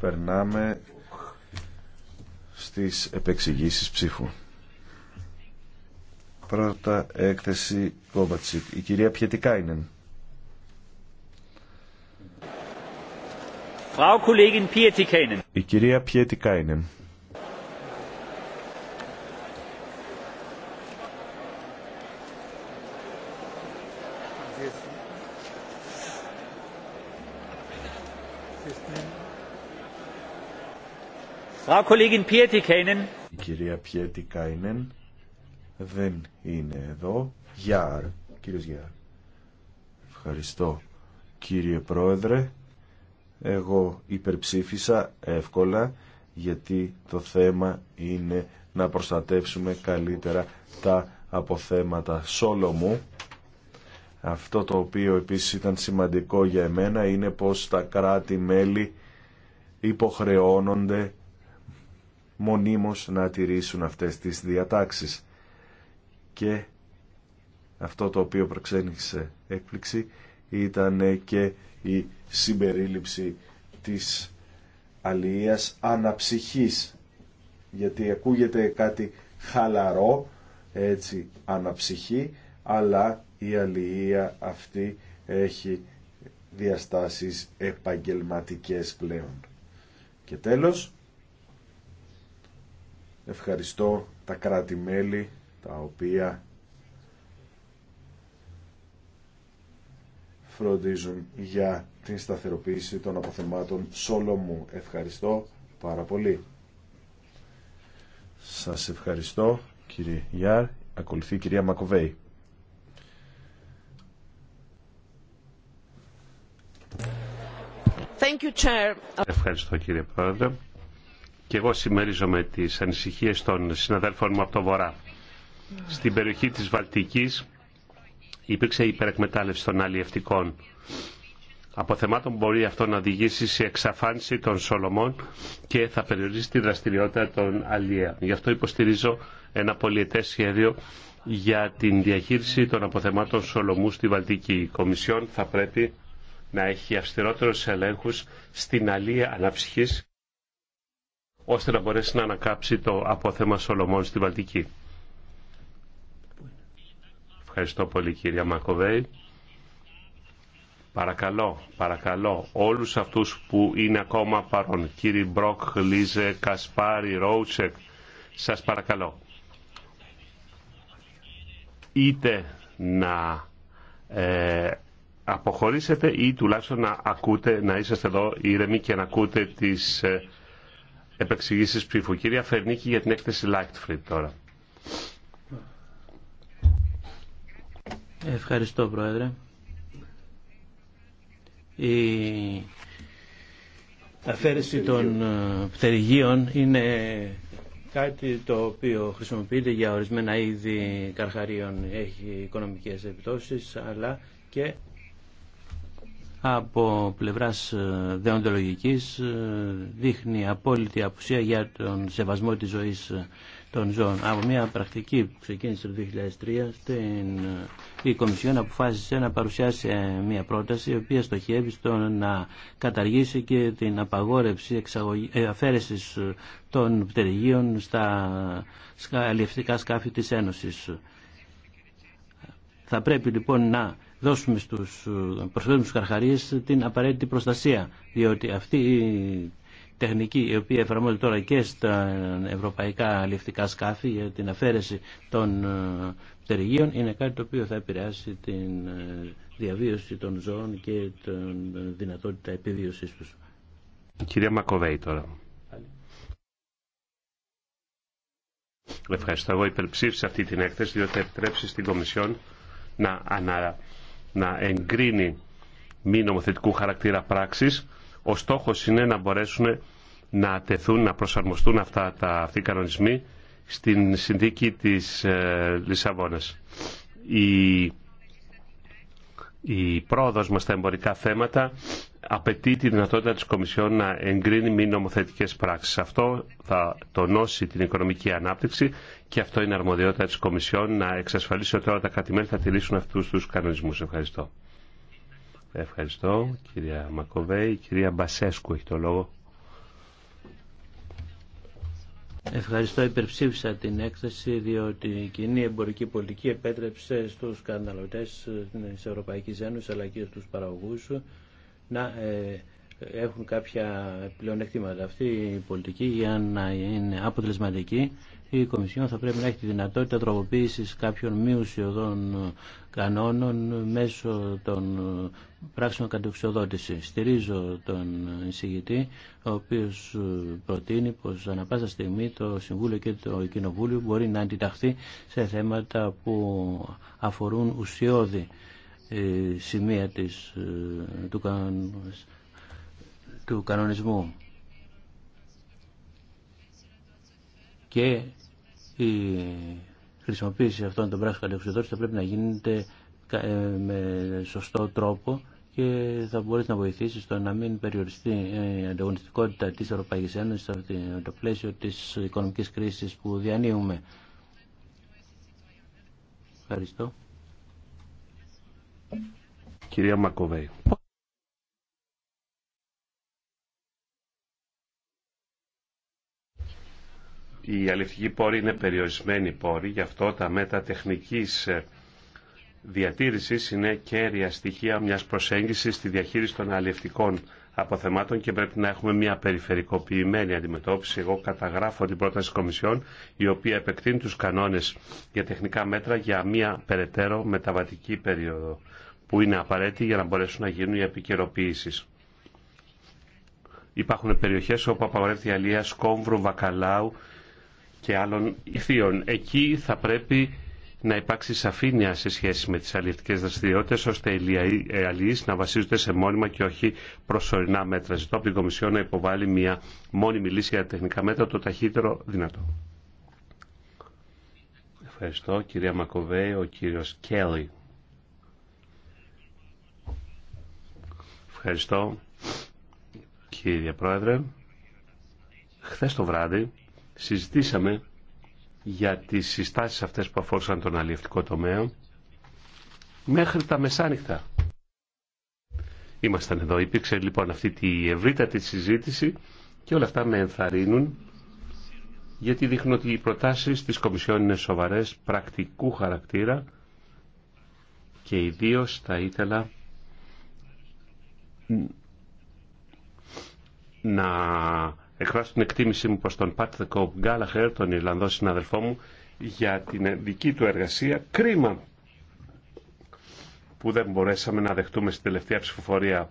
Περνάμε στις επεξηγήσεις ψήφου. Πρώτα έκθεση Κόβατσικ. Η κυρία Πιετικάινεν. Η κυρία Πιετικάινεν. Η κυρία Πιέτη Κάινεν δεν είναι εδώ. Γιάρ, κύριος Γιάρ. Ευχαριστώ κύριε Πρόεδρε. Εγώ υπερψήφισα εύκολα γιατί το θέμα είναι να προστατεύσουμε καλύτερα τα αποθέματα μου. Αυτό το οποίο επίσης ήταν σημαντικό για εμένα είναι πως τα κράτη-μέλη υποχρεώνονται μονίμως να τηρήσουν αυτές τις διατάξεις. Και αυτό το οποίο προξένησε έκπληξη ήταν και η συμπερίληψη της αλληλείας αναψυχής. Γιατί ακούγεται κάτι χαλαρό, έτσι αναψυχή, αλλά η αλληλεία αυτή έχει διαστάσεις επαγγελματικές πλέον. Και τέλος, Ευχαριστώ τα κράτη-μέλη τα οποία φροντίζουν για την σταθεροποίηση των αποθεμάτων μου. Ευχαριστώ πάρα πολύ. Σας ευχαριστώ κύριε Γιάρ. Ακολουθεί η κυρία Μακοβέη. Ευχαριστώ κύριε Πρόεδρε. Και εγώ συμμερίζομαι τις ανησυχίες των συναδέλφων μου από το Βορρά. Στην περιοχή της Βαλτικής υπήρξε υπερεκμετάλλευση των αλλιευτικών αποθεμάτων θεμάτων μπορεί αυτό να οδηγήσει σε εξαφάνιση των Σολομών και θα περιορίσει τη δραστηριότητα των αλλιέων. Γι' αυτό υποστηρίζω ένα πολιετές σχέδιο για την διαχείριση των αποθεμάτων Σολομού στη Βαλτική. Η Κομισιόν θα πρέπει να έχει αυστηρότερους ελέγχους στην αλλία αναψυχής ώστε να μπορέσει να ανακάψει το απόθεμα Σολομών στη Βαλτική. Ευχαριστώ πολύ κύριε Μακοβέη. Παρακαλώ, παρακαλώ όλους αυτούς που είναι ακόμα παρόν, κύριοι Μπροκ, Λίζε, Κασπάρη, Ρόουτσεκ, σας παρακαλώ. Είτε να ε, αποχωρήσετε ή τουλάχιστον να ακούτε, να είσαστε εδώ ήρεμοι και να ακούτε τις... Ε, επεξηγήσεις ψήφου. Κυρία Φερνίκη για την έκθεση Lightfried τώρα. Ευχαριστώ Πρόεδρε. Η αφαίρεση των ε, πτερυγίων είναι κάτι το οποίο χρησιμοποιείται για ορισμένα είδη καρχαρίων. Έχει οικονομικές επιπτώσεις αλλά και από πλευράς ε, δεοντολογικής ε, δείχνει απόλυτη απουσία για τον σεβασμό της ζωής ε, των ζώων. Από μια πρακτική που ξεκίνησε το 2003 η Κομισιόν αποφάσισε να παρουσιάσει μια πρόταση η οποία στοχεύει στο να καταργήσει και την απαγόρευση εξαγωγή... αφαίρεσης των πτερυγίων στα αλληλευτικά σκάφη της Ένωσης. Θα πρέπει λοιπόν να δώσουμε στους, ε, προσφέρουμε στους καρχαρίες την απαραίτητη προστασία, διότι αυτή η τεχνική η οποία εφαρμόζεται τώρα και στα ευρωπαϊκά ληφτικά σκάφη για την αφαίρεση των ε, πτερυγίων είναι κάτι το οποίο θα επηρεάσει την ε, διαβίωση των ζώων και την δυνατότητα επιβίωσης τους. Κυρία Μακοβέη τώρα. Ευχαριστώ. Εγώ υπερψήφισα αυτή την έκθεση διότι επιτρέψει στην Κομισιόν να να εγκρίνει μη νομοθετικού χαρακτήρα πράξεις. Ο στόχος είναι να μπορέσουν να τεθούν, να προσαρμοστούν αυτά τα, αυτοί οι κανονισμοί στην συνθήκη της ε, Λισαβόνας. Η, η πρόοδος μας στα εμπορικά θέματα απαιτεί τη δυνατότητα της Κομισιόν να εγκρίνει μη νομοθετικές πράξεις. Αυτό θα τονώσει την οικονομική ανάπτυξη και αυτό είναι αρμοδιότητα της Κομισιόν να εξασφαλίσει ότι όλα τα κατημέρια θα τηρήσουν αυτούς τους κανονισμούς. Ευχαριστώ. Ευχαριστώ. Κυρία Μακοβέη, κυρία Μπασέσκου έχει το λόγο. Ευχαριστώ. Υπερψήφισα την έκθεση διότι η κοινή εμπορική πολιτική επέτρεψε στους καταναλωτές της Ευρωπαϊκής Ένωσης αλλά και στους παραγωγούς να ε, έχουν κάποια πλεονεκτήματα. Αυτή η πολιτική για να είναι αποτελεσματική η Κομισιόν θα πρέπει να έχει τη δυνατότητα τροποποίησης κάποιων ουσιοδών κανόνων μέσω των πράξεων κατεξοδότηση. Στηρίζω τον εισηγητή, ο οποίος προτείνει πως ανα πάσα στιγμή το Συμβούλιο και το Κοινοβούλιο μπορεί να αντιταχθεί σε θέματα που αφορούν ουσιώδη ε, σημεία της, ε, του, κανονισμού. Και η χρησιμοποίηση αυτών των πράξεων κατεξουδότηση θα πρέπει να γίνεται ε, με σωστό τρόπο και θα μπορείς να βοηθήσει στο να μην περιοριστεί η ανταγωνιστικότητα της Ευρωπαϊκής Ένωσης σε το πλαίσιο της οικονομικής κρίσης που διανύουμε. Ευχαριστώ. Κυρία Μακοβέη. Η αληθική πόρη είναι περιορισμένη πόρη, γι' αυτό τα μέτρα τεχνικής ε, διατήρησης είναι κέρια στοιχεία μιας προσέγγισης στη διαχείριση των αλληλευτικών αποθεμάτων και πρέπει να έχουμε μια περιφερικοποιημένη αντιμετώπιση. Εγώ καταγράφω την πρόταση Κομισιόν, η οποία επεκτείνει τους κανόνες για τεχνικά μέτρα για μια περαιτέρω μεταβατική περίοδο που είναι απαραίτητη για να μπορέσουν να γίνουν οι επικαιροποιήσει. Υπάρχουν περιοχέ όπου απαγορεύεται η αλία σκόμβρου, βακαλάου και άλλων ηθίων. Εκεί θα πρέπει να υπάρξει σαφήνεια σε σχέση με τις αλληλευτικές δραστηριότητες, ώστε οι ε, αλληλείς να βασίζονται σε μόνιμα και όχι προσωρινά μέτρα. Ζητώ από την Κομισιό να υποβάλει μια μόνιμη λύση για τα τεχνικά μέτρα το ταχύτερο δυνατό. Ευχαριστώ κυρία Μακοβέη, ο κύριος Κέλλη. Ευχαριστώ κύριε Πρόεδρε. Χθες το βράδυ συζητήσαμε για τις συστάσεις αυτές που αφορούσαν τον αλληλευτικό τομέα μέχρι τα μεσάνυχτα. Ήμασταν εδώ. Υπήρξε λοιπόν αυτή τη ευρύτατη συζήτηση και όλα αυτά με ενθαρρύνουν γιατί δείχνουν ότι οι προτάσεις της Κομισιόν είναι σοβαρές, πρακτικού χαρακτήρα και ιδίως θα ήθελα να εκφράσω την εκτίμησή μου προς τον Πάτ Κόμπ Γκάλαχερ, τον Ιρλανδό συναδελφό μου, για την δική του εργασία. Κρίμα που δεν μπορέσαμε να δεχτούμε στην τελευταία ψηφοφορία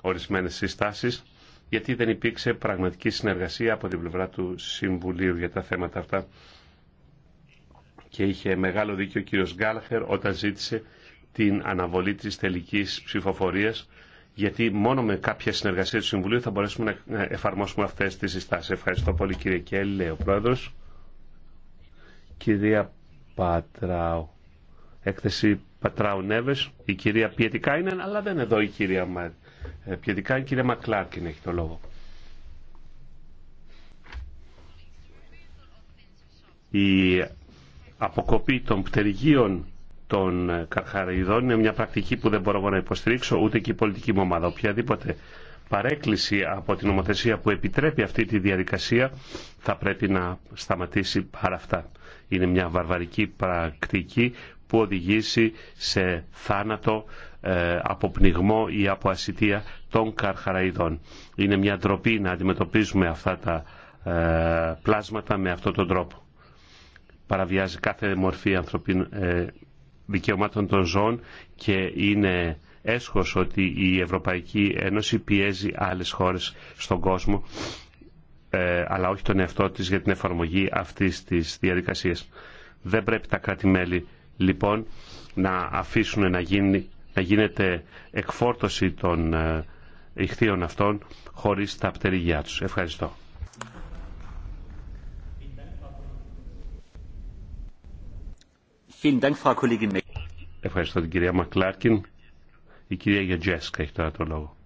ορισμένες συστάσεις, γιατί δεν υπήρξε πραγματική συνεργασία από την πλευρά του Συμβουλίου για τα θέματα αυτά. Και είχε μεγάλο δίκιο ο κύριος Γκάλαχερ όταν ζήτησε την αναβολή της τελικής ψηφοφορίας γιατί μόνο με κάποια συνεργασία του Συμβουλίου θα μπορέσουμε να εφαρμόσουμε αυτές τις συστάσεις. Ευχαριστώ πολύ κύριε Κέλλη, λέει ο Πρόεδρος. Κυρία Πατράου, έκθεση Πατράου Νέβες, η κυρία Πιετικά είναι, αλλά δεν εδώ η κυρία Πιετικά Πιετικά, η κυρία Μακλάρκιν έχει το λόγο. Η αποκοπή των πτεργείων των ε, καρχαριδών είναι μια πρακτική που δεν μπορώ να υποστηρίξω ούτε και η πολιτική μου ομάδα. Οποιαδήποτε παρέκκληση από την νομοθεσία που επιτρέπει αυτή τη διαδικασία θα πρέπει να σταματήσει παρά αυτά. Είναι μια βαρβαρική πρακτική που οδηγήσει σε θάνατο, ε, από πνιγμό ή από ασυτεία των καρχαραϊδών. Είναι μια ντροπή να αντιμετωπίζουμε αυτά τα ε, πλάσματα με αυτόν τον τρόπο. Παραβιάζει κάθε μορφή ανθρωπίνων δικαιωμάτων των ζώων και είναι έσχος ότι η Ευρωπαϊκή Ένωση πιέζει άλλες χώρες στον κόσμο ε, αλλά όχι τον εαυτό της για την εφαρμογή αυτής της διαδικασίας. Δεν πρέπει τα κράτη-μέλη λοιπόν να αφήσουν να, γίνει, να γίνεται εκφόρτωση των ε, ηχθείων αυτών χωρίς τα πτερυγιά τους. Ευχαριστώ. Ευχαριστώ την κυρία Μακλάρκιν. Η κυρία Γετζέσκα έχει τώρα το λόγο.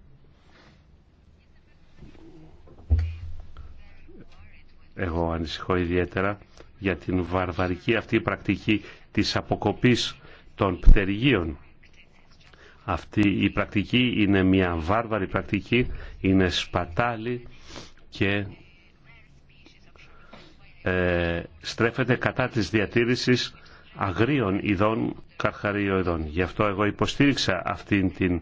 Εγώ ανησυχώ ιδιαίτερα για την βαρβαρική αυτή πρακτική της αποκοπής των πτεργίων. Αυτή η πρακτική είναι μια βάρβαρη πρακτική, είναι σπατάλη και ε, στρέφεται κατά της διατήρησης αγρίων ειδών, ειδών. Γι' αυτό εγώ υποστήριξα αυτήν την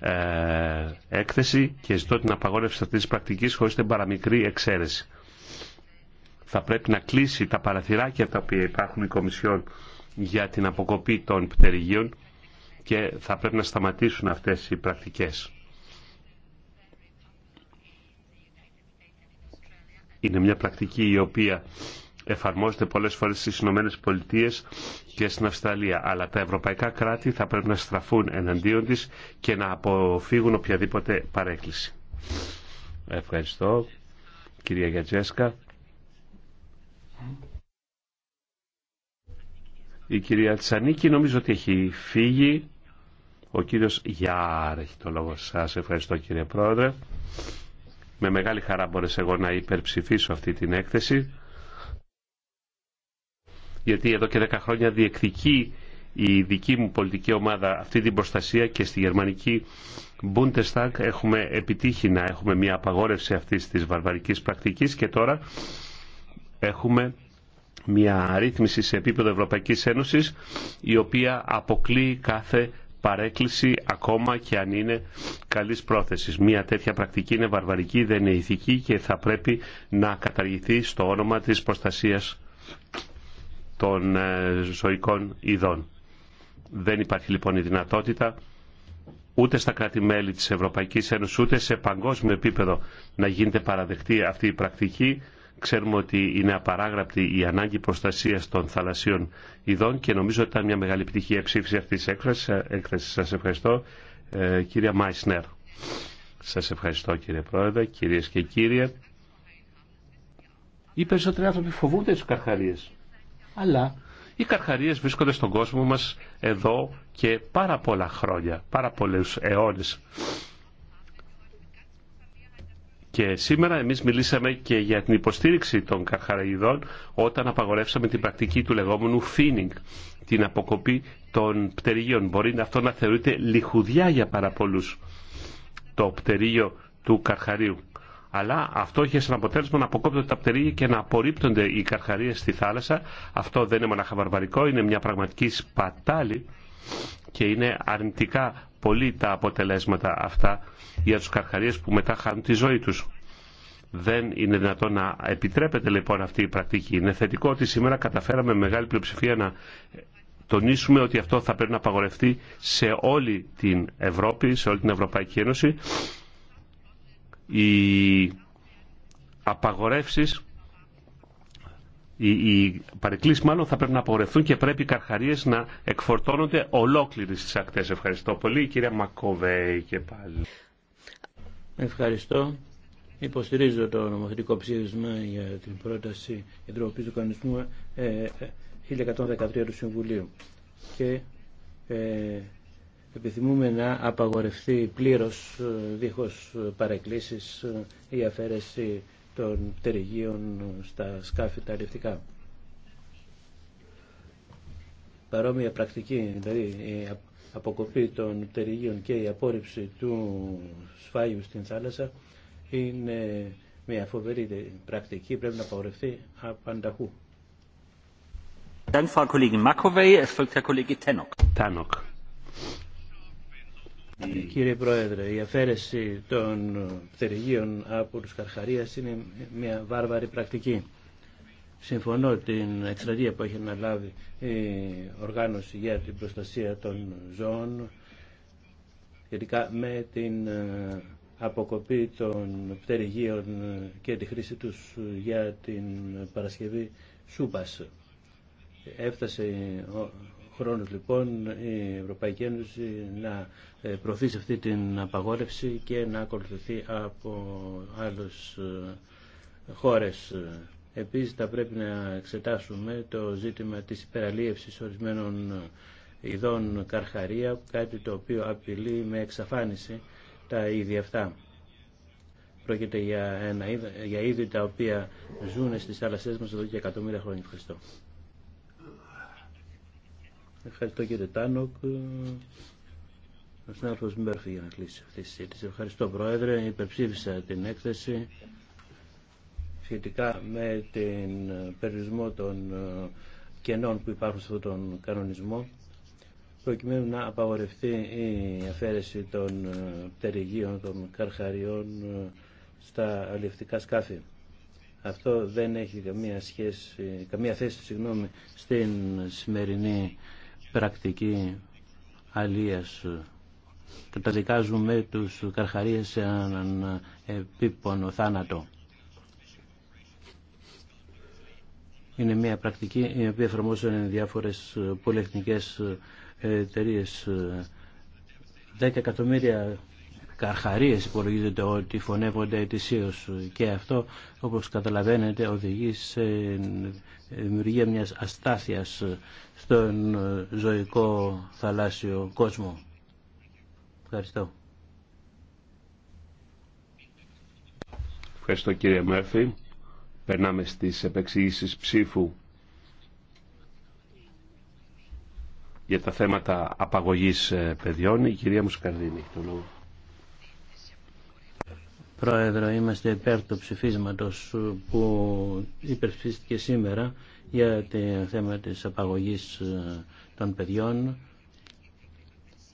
ε, έκθεση και ζητώ την απαγόρευση αυτής της πρακτικής χωρίς την παραμικρή εξαίρεση. Θα πρέπει να κλείσει τα παραθυράκια τα οποία υπάρχουν οι Κομισιόν για την αποκοπή των πτερυγίων και θα πρέπει να σταματήσουν αυτές οι πρακτικές. Είναι μια πρακτική η οποία εφαρμόζεται πολλές φορές στις Ηνωμένε Πολιτείες και στην Αυστραλία. Αλλά τα ευρωπαϊκά κράτη θα πρέπει να στραφούν εναντίον της και να αποφύγουν οποιαδήποτε παρέκκληση. Ευχαριστώ. Κυρία Γιατζέσκα. Η κυρία Τσανίκη νομίζω ότι έχει φύγει. Ο κύριος Γιάρ έχει το λόγο σας. Ευχαριστώ κύριε Πρόεδρε. Με μεγάλη χαρά μπορέσα εγώ να υπερψηφίσω αυτή την έκθεση γιατί εδώ και 10 χρόνια διεκδικεί η δική μου πολιτική ομάδα αυτή την προστασία και στη γερμανική Bundestag έχουμε επιτύχει να έχουμε μια απαγόρευση αυτής της βαρβαρικής πρακτικής και τώρα έχουμε μια ρύθμιση σε επίπεδο Ευρωπαϊκής Ένωσης η οποία αποκλεί κάθε παρέκκληση ακόμα και αν είναι καλής πρόθεσης. Μια τέτοια πρακτική είναι βαρβαρική, δεν είναι ηθική και θα πρέπει να καταργηθεί στο όνομα της προστασίας των ε, ζωικών ειδών. Δεν υπάρχει λοιπόν η δυνατότητα ούτε στα κράτη-μέλη της Ευρωπαϊκής Ένωσης, ούτε σε παγκόσμιο επίπεδο να γίνεται παραδεκτή αυτή η πρακτική. Ξέρουμε ότι είναι απαράγραπτη η ανάγκη προστασίας των θαλασσίων ειδών και νομίζω ότι ήταν μια μεγάλη επιτυχία ψήφιση αυτής της ε, έκθεσης. Σας ευχαριστώ, ε, κυρία Μάισνερ. Σας ευχαριστώ, κύριε Πρόεδρε, κυρίες και κύριοι. Οι περισσότεροι άνθρωποι φοβούνται τις καρχαρίες αλλά οι καρχαρίες βρίσκονται στον κόσμο μας εδώ και πάρα πολλά χρόνια, πάρα πολλούς αιώνες. Και σήμερα εμείς μιλήσαμε και για την υποστήριξη των καρχαραϊδών όταν απαγορεύσαμε την πρακτική του λεγόμενου φίνινγκ, την αποκοπή των πτερίγιων. Μπορεί αυτό να θεωρείται λιχουδιά για πάρα πολλούς, το πτερίγιο του καρχαρίου. Αλλά αυτό είχε σαν αποτέλεσμα να αποκόπτονται τα πτερήγια και να απορρίπτονται οι καρχαρίε στη θάλασσα. Αυτό δεν είναι μοναχαβαρβαρικό, είναι μια πραγματική σπατάλη και είναι αρνητικά πολύ τα αποτελέσματα αυτά για τους καρχαρίες που μετά χάνουν τη ζωή τους. Δεν είναι δυνατόν να επιτρέπεται λοιπόν αυτή η πρακτική. Είναι θετικό ότι σήμερα καταφέραμε με μεγάλη πλειοψηφία να τονίσουμε ότι αυτό θα πρέπει να απαγορευτεί σε όλη την Ευρώπη, σε όλη την Ευρωπαϊκή Ένωση οι απαγορεύσεις οι, οι μάλλον θα πρέπει να απογορευτούν και πρέπει οι καρχαρίε να εκφορτώνονται ολόκληρε στι ακτέ. Ευχαριστώ πολύ. κυρία Μακοβέη και πάλι. Ευχαριστώ. Υποστηρίζω το νομοθετικό ψήφισμα για την πρόταση εντροπής του κανονισμού 1113 ε, ε, ε, του Συμβουλίου και ε, Επιθυμούμε να απαγορευτεί πλήρως, ε, δίχως ε, παρεκκλήσεις, ε, η αφαίρεση των πτερυγίων στα σκάφη τα Παρόμοια πρακτική, δηλαδή η αποκοπή των πτερυγίων και η απόρριψη του σφάγιου στην θάλασσα είναι μια φοβερή πρακτική, πρέπει να απαγορευτεί απανταχού. Tannock. Κύριε Πρόεδρε, η αφαίρεση των πτερυγίων από τους Καρχαρίας είναι μια βάρβαρη πρακτική. Συμφωνώ την εκστρατεία που έχει αναλάβει η οργάνωση για την προστασία των ζώων σχετικά με την ε, αποκοπή των πτερυγίων και τη χρήση τους για την Παρασκευή Σούπας. Έφτασε Χρόνο λοιπόν η Ευρωπαϊκή Ένωση να ε, προωθήσει αυτή την απαγόρευση και να ακολουθηθεί από άλλους ε, χώρες. Επίσης θα πρέπει να εξετάσουμε το ζήτημα της υπεραλίευσης ορισμένων ε, ειδών καρχαρία, κάτι το οποίο απειλεί με εξαφάνιση τα είδη αυτά. Πρόκειται για, ένα, για είδη τα οποία ζουν στις θάλασσές μας εδώ και εκατομμύρια χρόνια. Ευχαριστώ. Ευχαριστώ κύριε Τάνοκ. Ο συνάδελφος Μπέρφη για να κλείσει αυτή τη συζήτηση. Ευχαριστώ Πρόεδρε. Υπερψήφισα την έκθεση σχετικά με την περιορισμό των ε, κενών που υπάρχουν σε αυτόν τον κανονισμό προκειμένου να απαγορευτεί η αφαίρεση των ε, πτερυγίων, των καρχαριών ε, στα αλληλευτικά σκάφη. Αυτό δεν έχει καμία, σχέση, καμία θέση συγγνώμη, στην σημερινή πρακτική αλίας. Καταδικάζουμε τους καρχαρίες σε έναν επίπονο θάνατο. Είναι μια πρακτική η οποία εφαρμόζουν διάφορες πολυεθνικές εταιρείε. Δέκα εκατομμύρια καρχαρίες υπολογίζεται ότι φωνεύονται ετησίως και αυτό όπως καταλαβαίνετε οδηγεί σε δημιουργία μιας αστάθειας στον ζωικό θαλάσσιο κόσμο. Ευχαριστώ. Ευχαριστώ κύριε Μέρφυ. Περνάμε στις επεξηγήσεις ψήφου για τα θέματα απαγωγής ε, παιδιών. Η κυρία Μουσκαρδίνη έχει το λόγο. Πρόεδρο, είμαστε υπέρ του ψηφίσματος που υπερψηφίστηκε σήμερα για το θέμα της απαγωγής ε, των παιδιών.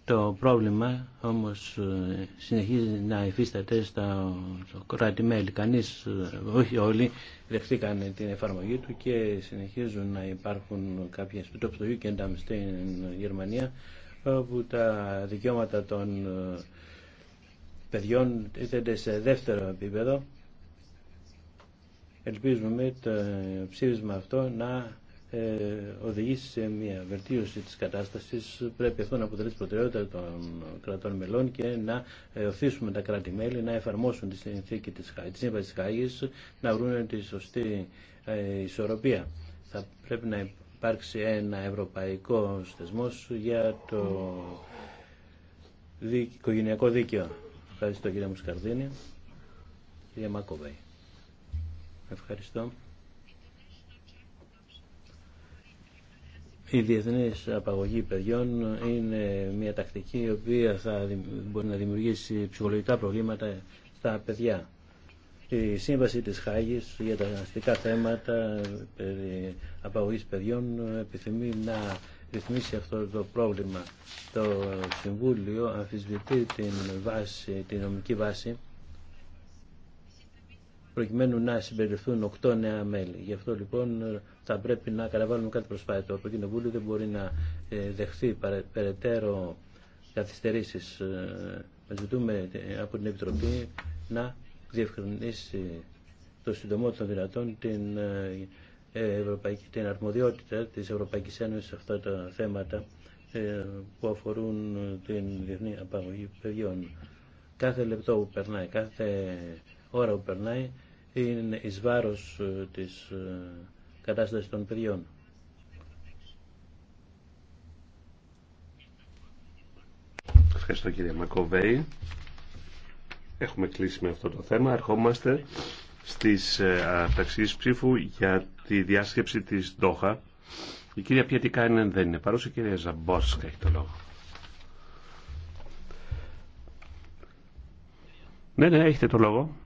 Το πρόβλημα όμως ε, συνεχίζει να υφίσταται στα κράτη-μέλη. Κανείς, ε, όχι όλοι, δεχτήκαν την εφαρμογή του και συνεχίζουν να υπάρχουν κάποιες το και Jugendamt στην Γερμανία όπου τα δικαιώματα των παιδιών τίθενται σε δεύτερο επίπεδο Ελπίζουμε με το ψήφισμα αυτό να ε, οδηγήσει σε μια βελτίωση της κατάστασης. Πρέπει αυτό να αποτελεί προτεραιότητα των κρατών μελών και να ε, οθήσουμε τα κράτη-μέλη να εφαρμόσουν τη συνθήκη της, τη σύμβαση της Χάγης, να βρουν τη σωστή ε, ισορροπία. Θα πρέπει να υπάρξει ένα ευρωπαϊκό θεσμός για το οικογενειακό δίκαιο. Ευχαριστώ κύριε Μουσκαρδίνη. Κύριε Μακοβέη. Ευχαριστώ. Η διεθνή απαγωγή παιδιών είναι μια τακτική η οποία θα μπορεί να δημιουργήσει ψυχολογικά προβλήματα στα παιδιά. Η σύμβαση της Χάγης για τα αστικά θέματα περί απαγωγής παιδιών επιθυμεί να ρυθμίσει αυτό το πρόβλημα. Το Συμβούλιο αμφισβητεί την, βάση, την νομική βάση προκειμένου να συμπεριληφθούν οκτώ νέα μέλη. Γι' αυτό λοιπόν θα πρέπει να καταβάλουμε κάτι προσπάθεια. Το Κοινοβούλιο δεν μπορεί να ε, δεχθεί περαιτέρω καθυστερήσει. Ε, ζητούμε ε, από την Επιτροπή να διευκρινίσει το συντομό των δυνατών την, ευρωπαϊκή, την αρμοδιότητα της Ευρωπαϊκής Ένωσης σε αυτά τα θέματα που αφορούν την διεθνή απαγωγή παιδιών. Κάθε λεπτό που περνάει, κάθε ώρα που περνάει είναι εις βάρος ε, της ε, κατάστασης των παιδιών. Ευχαριστώ κύριε Μακοβέη. Έχουμε κλείσει με αυτό το θέμα. Ερχόμαστε στις ε, ταξίες ψήφου για τη διάσκεψη της Ντόχα. Η κυρία είναι δεν είναι παρούσα, η κυρία Ζαμπόσκα έχει το λόγο. Ναι, ναι, έχετε το λόγο.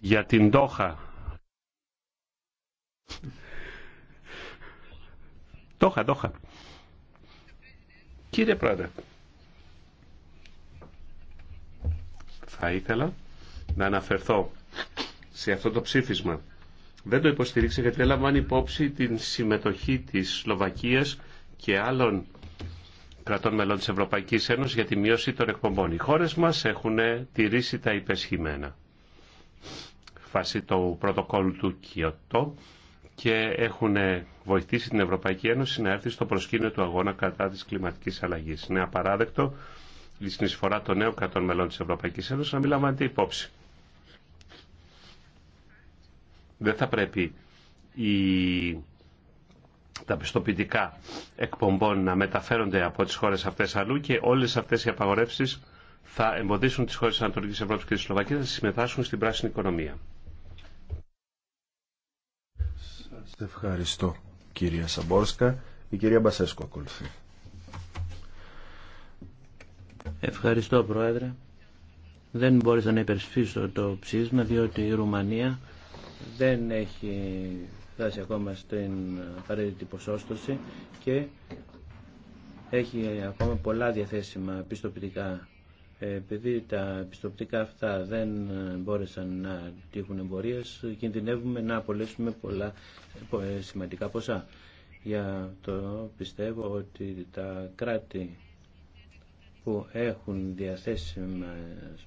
Για την Δόχα. Doha, Doha. Κύριε Πρόεδρε, θα ήθελα να αναφερθώ σε αυτό το ψήφισμα. Δεν το υποστηρίξα γιατί έλαβαν υπόψη την συμμετοχή της Σλοβακίας και άλλων κρατών μελών της Ευρωπαϊκής Ένωσης για τη μείωση των εκπομπών. Οι χώρες μας έχουν τηρήσει τα υπεσχημένα φάση του πρωτοκόλλου του Κιωτό και έχουν βοηθήσει την Ευρωπαϊκή Ένωση να έρθει στο προσκήνιο του αγώνα κατά της κλιματικής αλλαγής. Είναι απαράδεκτο η συνεισφορά των νέων κρατών μελών της Ευρωπαϊκής Ένωσης να μην λαμβάνεται υπόψη. Δεν θα πρέπει η τα πιστοποιητικά εκπομπών να μεταφέρονται από τις χώρες αυτές αλλού και όλες αυτές οι απαγορεύσεις θα εμποδίσουν τις χώρες της Ανατολικής Ευρώπης και της Σλοβακίας να συμμετάσχουν στην πράσινη οικονομία. Σας ευχαριστώ κυρία Σαμπόρσκα. Η κυρία Μπασέσκο ακολουθεί. Ευχαριστώ Πρόεδρε. Δεν μπόρεσα να υπερσφίσω το ψήσμα διότι η Ρουμανία δεν έχει φτάσει ακόμα στην απαραίτητη ποσόστοση και έχει ακόμα πολλά διαθέσιμα πιστοποιητικά. Ε, επειδή τα πιστοποιητικά αυτά δεν μπόρεσαν να τύχουν εμπορίες, κινδυνεύουμε να απολέσουμε πολλά ε, σημαντικά ποσά. Για το πιστεύω ότι τα κράτη που έχουν διαθέσιμες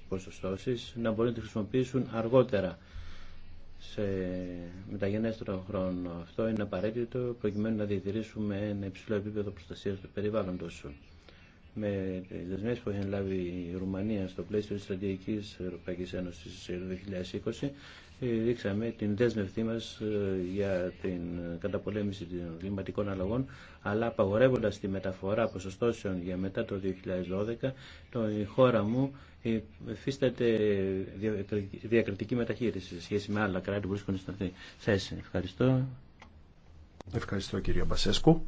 ποσοστώσεις να μπορούν να τις χρησιμοποιήσουν αργότερα σε μεταγενέστερο χρόνο. Αυτό είναι απαραίτητο προκειμένου να διατηρήσουμε ένα υψηλό επίπεδο προστασία του περιβάλλοντο. Με τι δεσμεύσει που έχει λάβει η Ρουμανία στο πλαίσιο τη Στρατηγική Ευρωπαϊκή Ένωση 2020, ε, δείξαμε την δέσμευσή μα ε, για την καταπολέμηση των κλιματικών αλλαγών, αλλά απαγορεύοντα τη μεταφορά ποσοστώσεων για μετά το 2012, το, η χώρα μου υφίσταται ε, διακριτική μεταχείριση σε σχέση με άλλα κράτη που βρίσκονται στην αυτή θέση. Ευχαριστώ. Ευχαριστώ κυρία Μπασέσκου.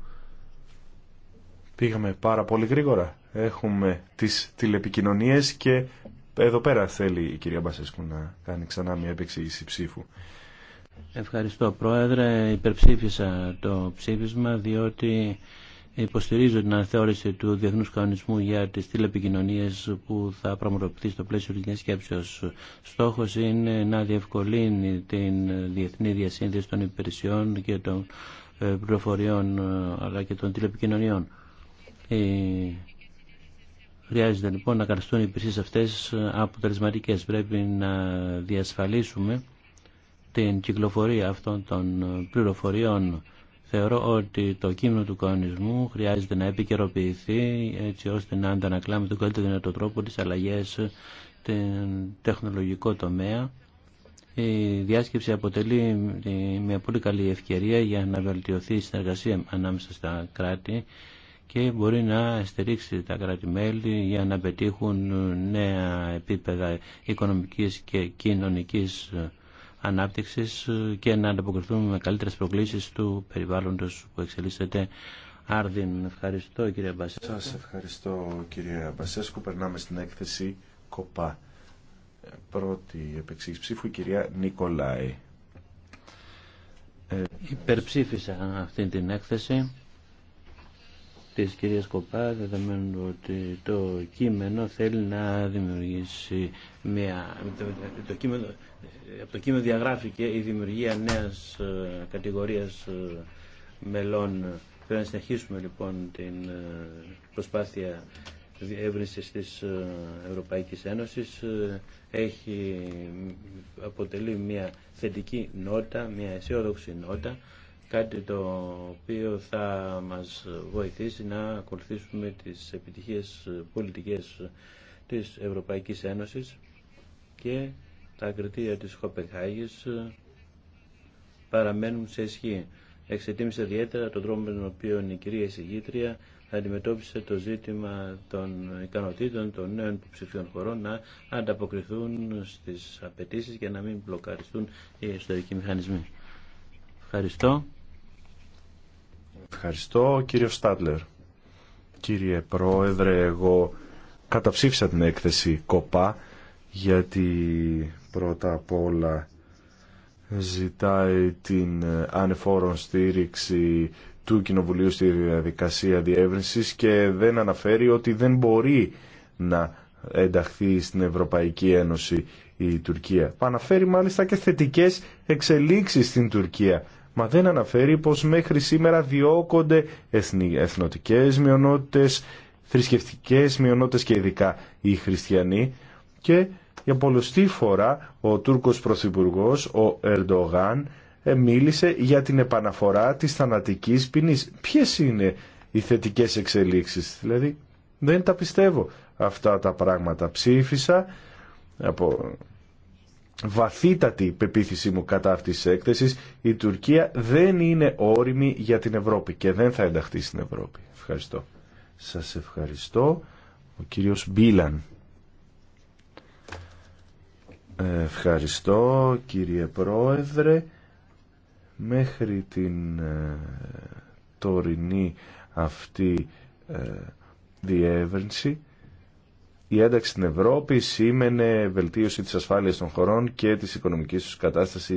Πήγαμε πάρα πολύ γρήγορα. Έχουμε τις τηλεπικοινωνίες και εδώ πέρα θέλει η κυρία Μπασέσκου να κάνει ξανά μια επεξήγηση ψήφου. Ευχαριστώ Πρόεδρε. Υπερψήφισα το ψήφισμα διότι υποστηρίζω την αναθεώρηση του Διεθνού Κανονισμού για τι τηλεπικοινωνίε που θα πραγματοποιηθεί στο πλαίσιο τη διασκέψεω. Στόχο είναι να διευκολύνει την διεθνή διασύνδεση των υπηρεσιών και των ε, πληροφοριών ε, αλλά και των τηλεπικοινωνιών. Ε, χρειάζεται λοιπόν να καταστούν οι υπηρεσίε αυτέ αποτελεσματικέ. Πρέπει να διασφαλίσουμε την κυκλοφορία αυτών των πληροφοριών Θεωρώ ότι το κείμενο του κανονισμού χρειάζεται να επικαιροποιηθεί έτσι ώστε να αντανακλάμε τον καλύτερο δυνατό τρόπο τις αλλαγές στην τεχνολογικό τομέα. Η διάσκεψη αποτελεί μια πολύ καλή ευκαιρία για να βελτιωθεί η συνεργασία ανάμεσα στα κράτη και μπορεί να στηρίξει τα κράτη-μέλη για να πετύχουν νέα επίπεδα οικονομικής και κοινωνικής ανάπτυξης ε, και να ανταποκριθούμε με καλύτερε προκλήσει του περιβάλλοντος που εξελίσσεται άρδιν. Ευχαριστώ κύριε Μπασέσκου. Σας ευχαριστώ κύριε Μπασέσκου. Περνάμε στην έκθεση ΚΟΠΑ. Πρώτη επεξήγηση ψήφου η κυρία Νικολάη. Ε, Υπερψήφισα αυτή την έκθεση της κυρίας Κοπά δεδομένου ότι το κείμενο θέλει να δημιουργήσει μια... το κείμενο από το κείμενο διαγράφηκε η δημιουργία νέας ε, κατηγορίας ε, μελών. Πρέπει να συνεχίσουμε λοιπόν την ε, προσπάθεια διεύρυνσης της Ευρωπαϊκής Ένωσης. Έχει, αποτελεί μια θετική νότα, μια αισιόδοξη νότα, κάτι το οποίο θα μας βοηθήσει να ακολουθήσουμε τις επιτυχίες πολιτικές της Ευρωπαϊκής Ένωσης και τα κριτήρια της Κοπεχάγης ε, παραμένουν σε ισχύ. Εξετίμησε ιδιαίτερα τον τρόπο με τον οποίο η κυρία εισηγήτρια αντιμετώπισε το ζήτημα των ικανοτήτων των νέων υποψηφίων χωρών να ανταποκριθούν στις απαιτήσεις για να μην μπλοκαριστούν οι ιστορικοί μηχανισμοί. Ευχαριστώ. Ευχαριστώ κύριο Στάτλερ. Κύριε Πρόεδρε, εγώ καταψήφισα την έκθεση ΚΟΠΑ γιατί πρώτα απ' όλα ζητάει την ανεφόρον στήριξη του Κοινοβουλίου στη διαδικασία διεύρυνσης και δεν αναφέρει ότι δεν μπορεί να ενταχθεί στην Ευρωπαϊκή Ένωση η Τουρκία. Αναφέρει μάλιστα και θετικές εξελίξεις στην Τουρκία. Μα δεν αναφέρει πως μέχρι σήμερα διώκονται εθνοτικές μειονότητες, θρησκευτικές μειονότητες και ειδικά οι χριστιανοί και για πολλωστή φορά ο Τούρκος Πρωθυπουργό, ο Ερντογάν, ε, μίλησε για την επαναφορά της θανατικής ποινής. Ποιες είναι οι θετικές εξελίξεις, δηλαδή δεν τα πιστεύω αυτά τα πράγματα. Ψήφισα από βαθύτατη πεποίθησή μου κατά αυτής της έκθεσης, η Τουρκία δεν είναι όριμη για την Ευρώπη και δεν θα ενταχθεί στην Ευρώπη. Ευχαριστώ. Σας ευχαριστώ. Ο κύριος Μπίλαν. Ευχαριστώ κύριε Πρόεδρε. Μέχρι την ε, τωρινή αυτή ε, διεύρυνση η ένταξη στην Ευρώπη σήμαινε βελτίωση της ασφάλειας των χωρών και της οικονομικής τους κατάστασης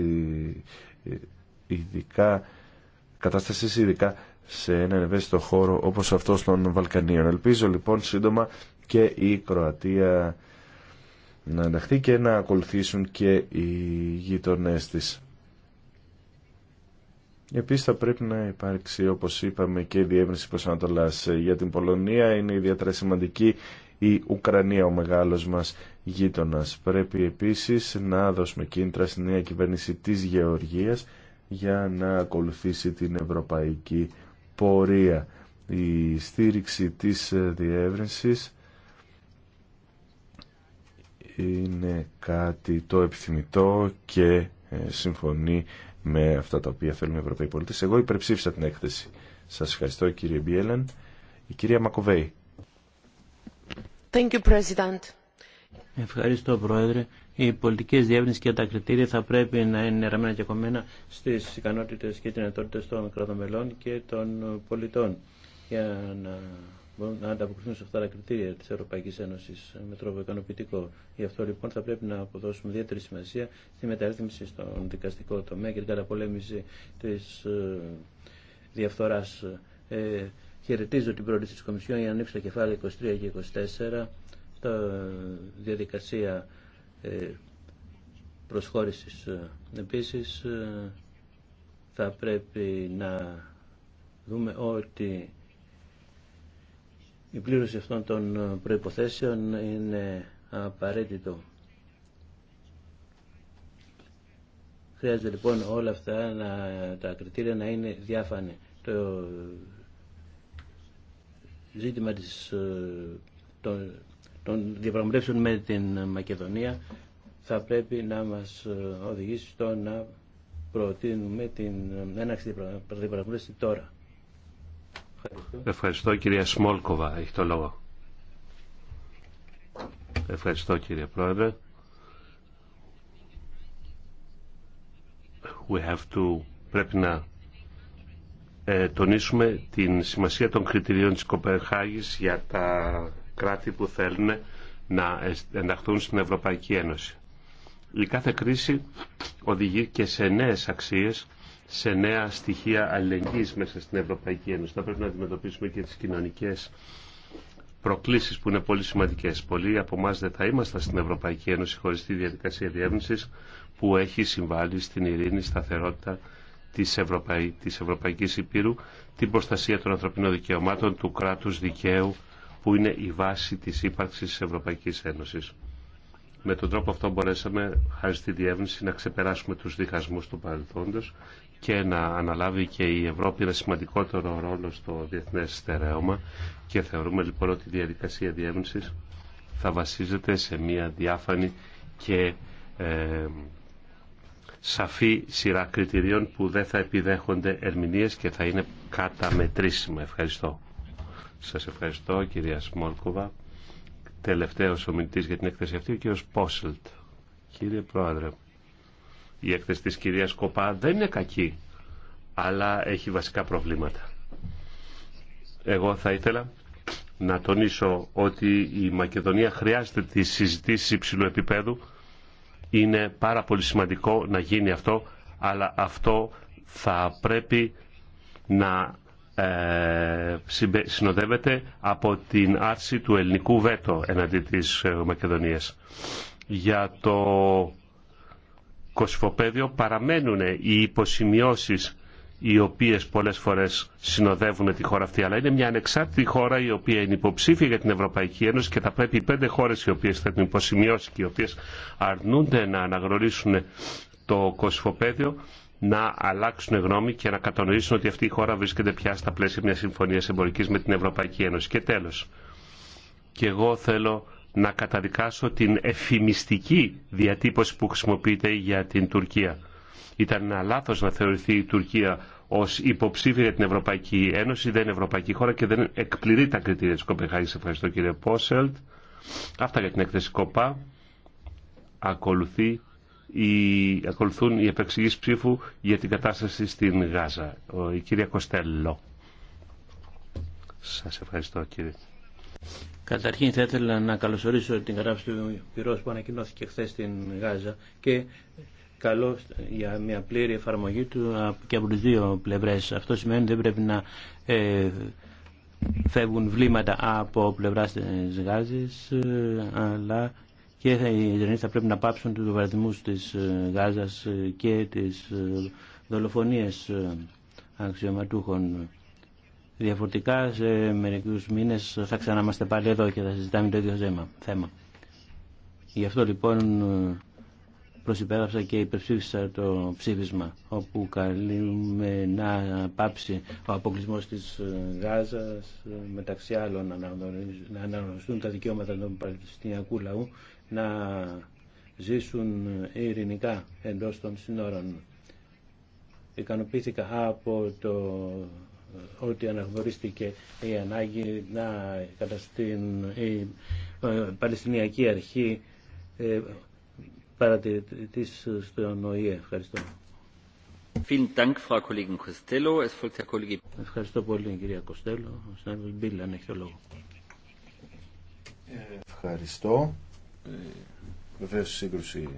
ε, ειδικά, κατάστασης ειδικά σε έναν ευαίσθητο χώρο όπως αυτός των Βαλκανίων. Ελπίζω λοιπόν σύντομα και η Κροατία να ενταχθεί και να ακολουθήσουν και οι γειτονές της. Επίσης θα πρέπει να υπάρξει, όπως είπαμε, και η διεύρυνση προς Ανατολάς. Για την Πολωνία είναι ιδιαίτερα σημαντική η Ουκρανία, ο μεγάλος μας γείτονας. Πρέπει επίσης να δώσουμε κίνητρα στην νέα κυβέρνηση της Γεωργίας για να ακολουθήσει την ευρωπαϊκή πορεία. Η στήριξη της διεύρυνσης είναι κάτι το επιθυμητό και ε, συμφωνεί με αυτά τα οποία θέλουν οι Ευρωπαίοι πολίτες. Εγώ υπερψήφισα την έκθεση. Σας ευχαριστώ κύριε Μπιέλεν. Η κυρία Μακοβέη. Thank you, President. Ευχαριστώ Πρόεδρε. Οι πολιτικέ διεύρυνση και τα κριτήρια θα πρέπει να είναι ραμμένα και κομμένα στι ικανότητε και δυνατότητε των κρατομελών και των πολιτών. Για να μπορούν να ανταποκριθούν σε αυτά τα κριτήρια της Ευρωπαϊκής Ένωσης με τρόπο ικανοποιητικό. Γι' αυτό λοιπόν θα πρέπει να αποδώσουμε ιδιαίτερη σημασία στη μεταρρύθμιση στον δικαστικό τομέα και την καταπολέμηση της ε, διαφθοράς. Ε, χαιρετίζω την πρόληψη της Κομισιόν για να ανοίξει τα κεφάλαια 23 και 24 στα διαδικασία ε, προσχώρησης. Ε, επίσης ε, θα πρέπει να δούμε ότι η πλήρωση αυτών των ε, προϋποθέσεων είναι απαραίτητο. Χρειάζεται λοιπόν όλα αυτά να, τα κριτήρια να είναι διάφανη. Το ζήτημα της, ε, των, των διαπραγματεύσεων με την Μακεδονία θα πρέπει να μας ε, οδηγήσει στο να προτείνουμε την έναξη διαπραγματεύσεων τώρα. Ευχαριστώ. κυρία Σμόλκοβα, έχει το λόγο. Ευχαριστώ κύριε Πρόεδρε. We have to, πρέπει να ε, τονίσουμε την σημασία των κριτηρίων της για τα κράτη που θέλουν να ενταχθούν στην Ευρωπαϊκή Ένωση. Η κάθε κρίση οδηγεί και σε νέες αξίες σε νέα στοιχεία αλληλεγγύης μέσα στην Ευρωπαϊκή Ένωση. Θα πρέπει να αντιμετωπίσουμε και τις κοινωνικές προκλήσεις που είναι πολύ σημαντικές. Πολλοί από εμά δεν θα είμαστε στην Ευρωπαϊκή Ένωση χωρίς τη διαδικασία διεύνησης που έχει συμβάλει στην ειρήνη, σταθερότητα της, Ευρωπαϊ... της Ευρωπαϊκής Υπήρου, την προστασία των ανθρωπίνων δικαιωμάτων, του κράτους δικαίου που είναι η βάση της ύπαρξης της Ευρωπαϊκής Ένωσης. Με τον τρόπο αυτό μπορέσαμε, χάρη στη διεύνηση, να ξεπεράσουμε τους διχασμούς του παρελθόντος και να αναλάβει και η Ευρώπη ένα σημαντικότερο ρόλο στο διεθνές στερέωμα και θεωρούμε λοιπόν ότι η διαδικασία διεύνηση θα βασίζεται σε μια διάφανη και ε, σαφή σειρά κριτηρίων που δεν θα επιδέχονται ερμηνείες και θα είναι καταμετρήσιμα. Ευχαριστώ. Σας ευχαριστώ κυρία Σμόλκοβα. Τελευταίος ομιλητής για την έκθεση αυτή ο κύριος Πόσελτ. Κύριε Πρόεδρε, η έκθεση της κυρίας Κοπά δεν είναι κακή, αλλά έχει βασικά προβλήματα. Εγώ θα ήθελα να τονίσω ότι η Μακεδονία χρειάζεται τη συζήτηση υψηλού επίπεδου. Είναι πάρα πολύ σημαντικό να γίνει αυτό, αλλά αυτό θα πρέπει να ε, συνοδεύεται από την άρση του ελληνικού βέτο εναντί της ε, Μακεδονίας. Για το κοσφοπέδιο παραμένουν οι υποσημειώσεις οι οποίες πολλές φορές συνοδεύουν τη χώρα αυτή, αλλά είναι μια ανεξάρτητη χώρα η οποία είναι υποψήφια για την Ευρωπαϊκή Ένωση και θα πρέπει οι πέντε χώρες οι οποίες θα την υποσημειώσει και οι οποίες αρνούνται να αναγνωρίσουν το κοσφοπέδιο να αλλάξουν γνώμη και να κατανοήσουν ότι αυτή η χώρα βρίσκεται πια στα πλαίσια μια συμφωνία εμπορική με την Ευρωπαϊκή Ένωση. Και τέλο. και εγώ θέλω να καταδικάσω την εφημιστική διατύπωση που χρησιμοποιείται για την Τουρκία. Ήταν ένα λάθος να θεωρηθεί η Τουρκία ως υποψήφια για την Ευρωπαϊκή Ένωση, δεν είναι Ευρωπαϊκή χώρα και δεν εκπληρεί τα κριτήρια της Κοπεχάγης. Ευχαριστώ κύριε Πόσελτ. Αυτά για την έκθεση ΚΟΠΑ. Ακολουθεί η ακολουθούν οι επεξηγήσεις ψήφου για την κατάσταση στην Γάζα. η κυρία Κοστέλλο. Σας ευχαριστώ κύριε. Καταρχήν θα ήθελα να καλωσορίσω την κατάψη του πυρός που ανακοινώθηκε χθε στην Γάζα και καλό για μια πλήρη εφαρμογή του και από τις δύο πλευρές. Αυτό σημαίνει ότι δεν πρέπει να ε, φεύγουν βλήματα από πλευρά της Γάζης ε, αλλά και οι Ισραηλοί θα πρέπει να πάψουν τους βαρδιμούς της ε, Γάζας και τις δολοφονίες αξιωματούχων. Διαφορετικά σε μερικούς μήνες θα ξαναμαστε πάλι εδώ και θα συζητάμε το ίδιο θέμα. Γι' αυτό λοιπόν προσυπέραψα και υπερψήφισα το ψήφισμα όπου καλούμε να πάψει ο αποκλεισμό της Γάζας μεταξύ άλλων να αναγνωριστούν τα δικαιώματα των Παλαιστινιακού λαού να ζήσουν ειρηνικά εντός των σύνορων. Ικανοποιήθηκα από το ότι αναγνωρίστηκε η ανάγκη να καταστεί η ε, Παλαιστινιακή Αρχή ε, παρατηρητής στον ΟΗΕ. Ευχαριστώ. Ευχαριστώ πολύ κυρία Κοστέλο. Ο Μπίλ αν έχει το λόγο. Ευχαριστώ. Ε, βεβαίως σύγκρουση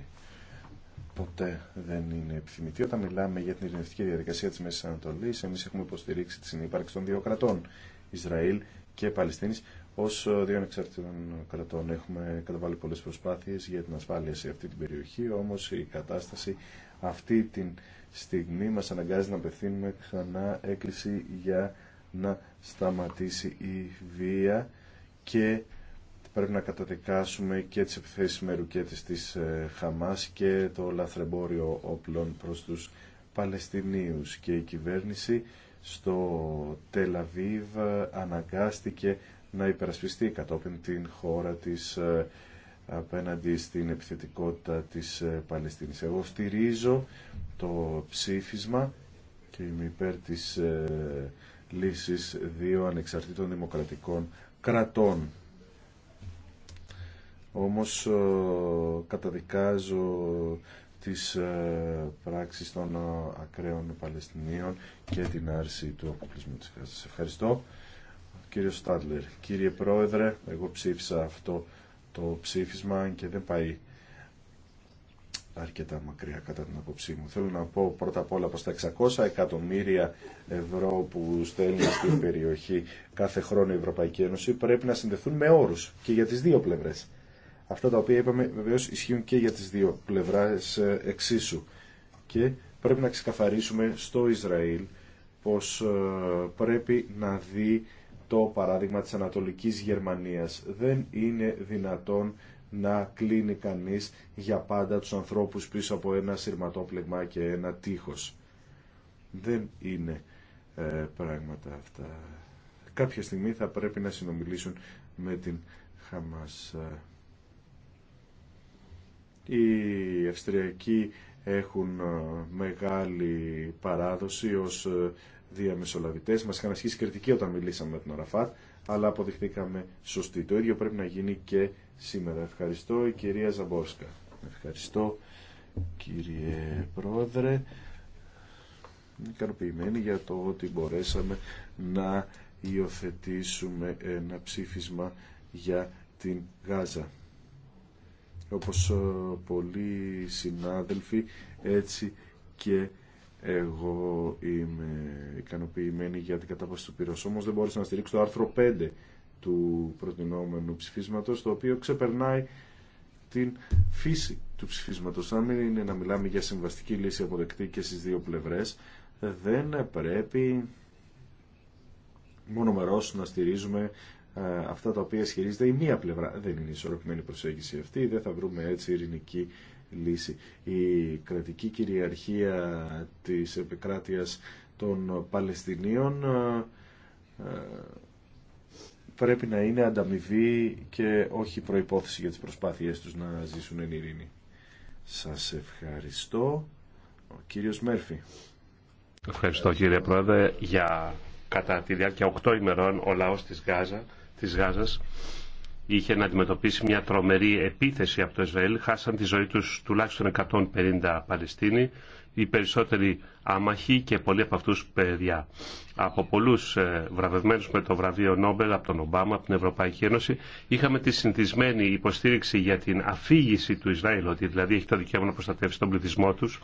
ποτέ δεν είναι επιθυμητή. Όταν μιλάμε για την ειρηνευτική διαδικασία της Μέσης Ανατολή. εμείς έχουμε υποστηρίξει τη συνύπαρξη των δύο κρατών, Ισραήλ και Παλαιστίνης, ως ε, δύο ανεξάρτητων κρατών. Έχουμε καταβάλει πολλές προσπάθειες για την ασφάλεια σε αυτή την περιοχή, όμως η κατάσταση αυτή τη στιγμή μας αναγκάζει να απευθύνουμε ξανά έκκληση για να σταματήσει η βία και πρέπει να καταδικάσουμε και τις επιθέσεις με ρουκέτες της ε, Χαμάς και το λαθρεμπόριο όπλων προς τους Παλαιστινίους και η κυβέρνηση στο Τελαβίβ αναγκάστηκε να υπερασπιστεί κατόπιν την χώρα της ε, απέναντι στην επιθετικότητα της ε, Παλαιστίνης. Εγώ στηρίζω το ψήφισμα και είμαι υπέρ της λύσης δύο ανεξαρτήτων δημοκρατικών κρατών. Όμως ε, καταδικάζω τις ε, πράξεις των ε, ακραίων Παλαιστινίων και την άρση του αποκλεισμού της Γάζας. Ευχαριστώ. Κύριε Στάντλερ, κύριε Πρόεδρε, εγώ ψήφισα αυτό το ψήφισμα και δεν πάει αρκετά μακριά κατά την απόψή μου. Θέλω να πω πρώτα απ' όλα πως τα 600 εκατομμύρια ευρώ που στέλνει στην περιοχή κάθε χρόνο η Ευρωπαϊκή Ένωση πρέπει να συνδεθούν με όρους και για τις δύο πλευρές. Αυτά τα οποία είπαμε βεβαίω ισχύουν και για τις δύο πλευράς ε, εξίσου. Και πρέπει να ξεκαθαρίσουμε στο Ισραήλ πως ε, πρέπει να δει το παράδειγμα της Ανατολικής Γερμανίας. Δεν είναι δυνατόν να κλείνει κανείς για πάντα τους ανθρώπους πίσω από ένα σειρματόπλεγμα και ένα τείχος. Δεν είναι ε, πράγματα αυτά. Κάποια στιγμή θα πρέπει να συνομιλήσουν με την Χαμάς. Οι Αυστριακοί έχουν ε, μεγάλη παράδοση ως ε, διαμεσολαβητές. Μας είχαν ασχίσει κριτική όταν μιλήσαμε με τον Ραφάτ, αλλά αποδειχθήκαμε σωστή. Το ίδιο πρέπει να γίνει και σήμερα. Ευχαριστώ η κυρία Ζαμπόρσκα. Ευχαριστώ κύριε Πρόεδρε. Είμαι Ικανοποιημένη για το ότι μπορέσαμε να υιοθετήσουμε ένα ψήφισμα για την Γάζα όπως ε, πολλοί συνάδελφοι έτσι και εγώ είμαι ικανοποιημένη για την κατάβαση του πυρός. Όμως δεν μπορούσα να στηρίξω το άρθρο 5 του προτινόμενου ψηφίσματος, το οποίο ξεπερνάει την φύση του ψηφίσματος. Αν είναι να μιλάμε για συμβαστική λύση αποδεκτή και στις δύο πλευρές, δεν πρέπει μονομερώς να στηρίζουμε ε, αυτά τα οποία ισχυρίζεται η μία πλευρά. Δεν είναι ισορροπημένη προσέγγιση αυτή, δεν θα βρούμε έτσι ειρηνική λύση. Η κρατική κυριαρχία της επικράτειας των Παλαιστινίων ε, ε, πρέπει να είναι ανταμοιβή και όχι προϋπόθεση για τις προσπάθειές τους να ζήσουν εν ειρήνη. Σας ευχαριστώ. Ο κύριος Μέρφη. Ευχαριστώ κύριε Πρόεδρε για κατά τη διάρκεια 8 ημερών ο λαός της Γάζα της Γάζας είχε να αντιμετωπίσει μια τρομερή επίθεση από το Ισραήλ. Χάσαν τη ζωή τους τουλάχιστον 150 Παλαιστίνοι, οι περισσότεροι άμαχοι και πολλοί από αυτούς παιδιά. Από πολλούς ε, βραβευμένους με το βραβείο Νόμπελ, από τον Ομπάμα, από την Ευρωπαϊκή Ένωση, είχαμε τη συνηθισμένη υποστήριξη για την αφήγηση του Ισραήλ, ότι δηλαδή έχει το δικαίωμα να προστατεύσει τον πληθυσμό τους,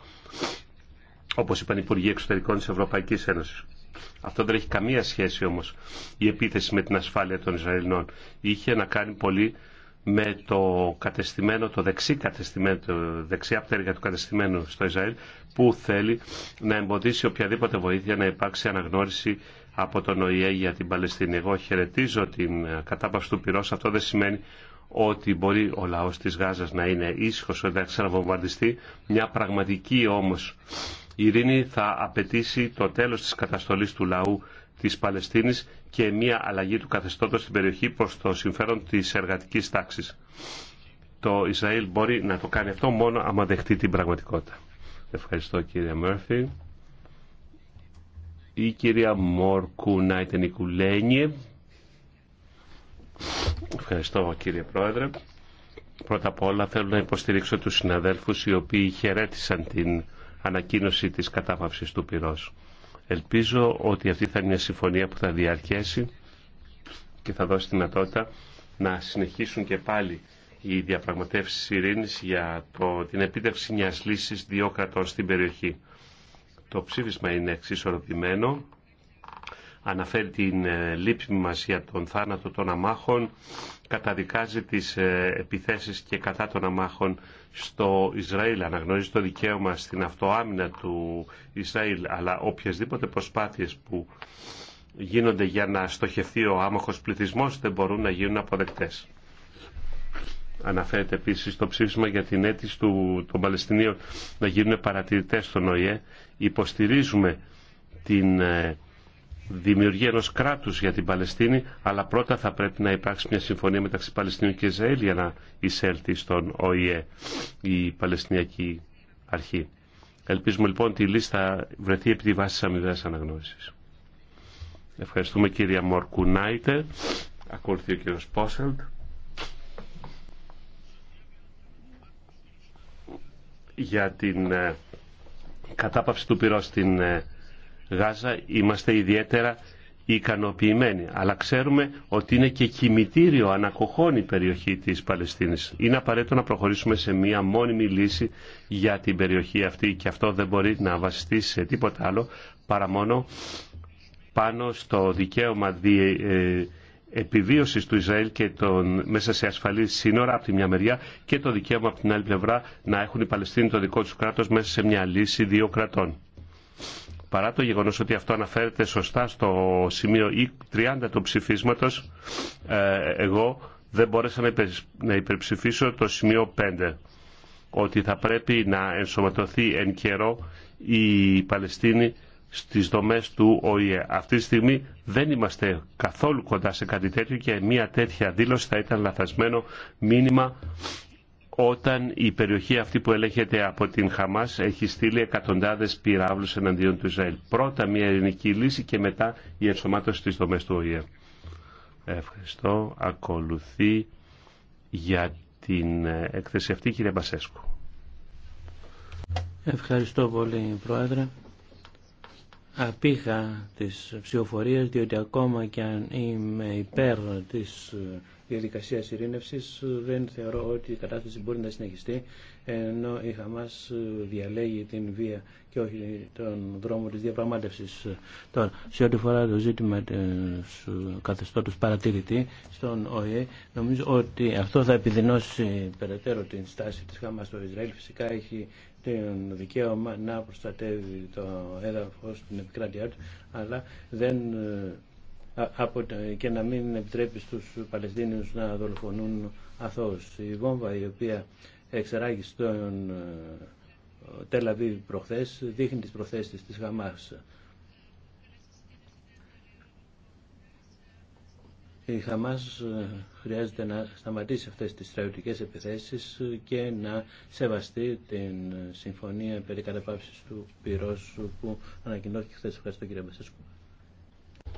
όπως είπαν οι Υπουργοί Εξωτερικών της Ευρωπαϊκής Ένωσης. Αυτό δεν έχει καμία σχέση όμως η επίθεση με την ασφάλεια των Ισραηλινών. Είχε να κάνει πολύ με το κατεστημένο, το δεξί κατεστημένο, το δεξιά πτέρυγα του κατεστημένου στο Ισραήλ που θέλει να εμποδίσει οποιαδήποτε βοήθεια να υπάρξει αναγνώριση από τον ΟΗΕ για την Παλαιστίνη. Εγώ χαιρετίζω την κατάπαυση του πυρός. Αυτό δεν σημαίνει ότι μπορεί ο λαός της Γάζας να είναι ήσυχος, ότι θα ξαναβομβαρδιστεί. Μια πραγματική όμως η ειρήνη θα απαιτήσει το τέλος της καταστολής του λαού της Παλαιστίνης και μια αλλαγή του καθεστώτος στην περιοχή προς το συμφέρον της εργατικής τάξης. Το Ισραήλ μπορεί να το κάνει αυτό μόνο άμα δεχτεί την πραγματικότητα. Ευχαριστώ κύριε Μέρφυ. Η κυρία Μόρκου Νάιτε Νικουλένιε. Ευχαριστώ κύριε Πρόεδρε. Πρώτα απ' όλα θέλω να υποστηρίξω τους συναδέλφους οι οποίοι χαιρέτησαν την ανακοίνωση της κατάπαυσης του πυρός. Ελπίζω ότι αυτή θα είναι μια συμφωνία που θα διαρκέσει και θα δώσει τη δυνατότητα να συνεχίσουν και πάλι οι διαπραγματεύσεις ειρήνης για το, την επίτευξη μιας λύσης δύο κρατών στην περιοχή. Το ψήφισμα είναι εξισορροπημένο. Αναφέρει την ε, λύπη μας για τον θάνατο των αμάχων, καταδικάζει τις ε, επιθέσεις και κατά των αμάχων στο Ισραήλ, αναγνωρίζει το δικαίωμα στην αυτοάμυνα του Ισραήλ, αλλά οποιασδήποτε προσπάθειες που γίνονται για να στοχευτεί ο άμαχος πληθυσμός δεν μπορούν να γίνουν αποδεκτές. Αναφέρεται επίσης το ψήφισμα για την αίτηση του, των Παλαιστινίων να γίνουν παρατηρητές στον ΟΗΕ. Υποστηρίζουμε την ε, δημιουργεί ενός κράτους για την Παλαιστίνη, αλλά πρώτα θα πρέπει να υπάρξει μια συμφωνία μεταξύ Παλαιστινίου και Ισραήλ για να εισέλθει στον ΟΗΕ η Παλαιστινιακή Αρχή. Ελπίζουμε λοιπόν ότι η λίστα βρεθεί επί τη βάση της αμοιβαίας αναγνώρισης. Ευχαριστούμε κυρία Μορκουνάιτε. Ακολουθεί ο κύριος Πόσελτ. Για την ε, κατάπαυση του πυρός στην ε, Γάζα είμαστε ιδιαίτερα ικανοποιημένοι. Αλλά ξέρουμε ότι είναι και κημητήριο ανακοχών η περιοχή της Παλαιστίνης. Είναι απαραίτητο να προχωρήσουμε σε μία μόνιμη λύση για την περιοχή αυτή και αυτό δεν μπορεί να βασιστεί σε τίποτα άλλο παρά μόνο πάνω στο δικαίωμα ε, επιβίωσης του Ισραήλ και των, μέσα σε ασφαλή σύνορα από τη μια μεριά και το δικαίωμα από την άλλη πλευρά να έχουν οι Παλαιστίνοι το δικό τους κράτος μέσα σε μια λύση στο δικαιωμα επιβιωσης του ισραηλ και τον μεσα σε ασφαλη συνορα απο τη μια μερια και το δικαιωμα κρατών. Παρά το γεγονός ότι αυτό αναφέρεται σωστά στο σημείο 30 του ψηφίσματος, ε, εγώ δεν μπόρεσα να υπερψηφίσω το σημείο 5 ότι θα πρέπει να ενσωματωθεί εν καιρό η Παλαιστίνη στις δομές του ΟΗΕ. Αυτή τη στιγμή δεν είμαστε καθόλου κοντά σε κάτι τέτοιο και μια τέτοια δήλωση θα ήταν λαθασμένο μήνυμα όταν η περιοχή αυτή που ελέγχεται από την Χαμάς έχει στείλει εκατοντάδες πυράβλους εναντίον του Ισραήλ. Πρώτα μια ειρηνική λύση και μετά η ενσωμάτωση της δομές του ΟΗΕ. Ευχαριστώ. Ακολουθεί για την ε, έκθεση αυτή κύριε Μπασέσκου. Ευχαριστώ πολύ Πρόεδρε. Απήχα τις ψηφοφορίες διότι ακόμα και αν είμαι υπέρ της ε, διαδικασία ειρήνευση, δεν θεωρώ ότι η κατάσταση μπορεί να συνεχιστεί ενώ η Χαμάς διαλέγει την βία και όχι τον δρόμο της διαπραγματεύση Τώρα, σε ό,τι φορά το ζήτημα του ε, καθεστώτος παρατηρητή στον ΟΗΕ, νομίζω ότι αυτό θα επιδεινώσει περαιτέρω την στάση της Χαμάς στο Ισραήλ. Φυσικά έχει το δικαίωμα να προστατεύει το έδαφο την επικράτειά του, αλλά δεν ε, ε, και να μην επιτρέπει στους Παλαιστίνιους να δολοφονούν αθώους. Η βόμβα η οποία εξεράγει στον ε, Τελαβή προχθές δείχνει τις προθέσεις της Χαμάς. Η Χαμάς ε, χρειάζεται να σταματήσει αυτές τις στρατιωτικές επιθέσεις και να σεβαστεί την συμφωνία περί καταπάψης του πυρός που ανακοινώθηκε χθες. Ευχαριστώ κύριε Μπασέσκου.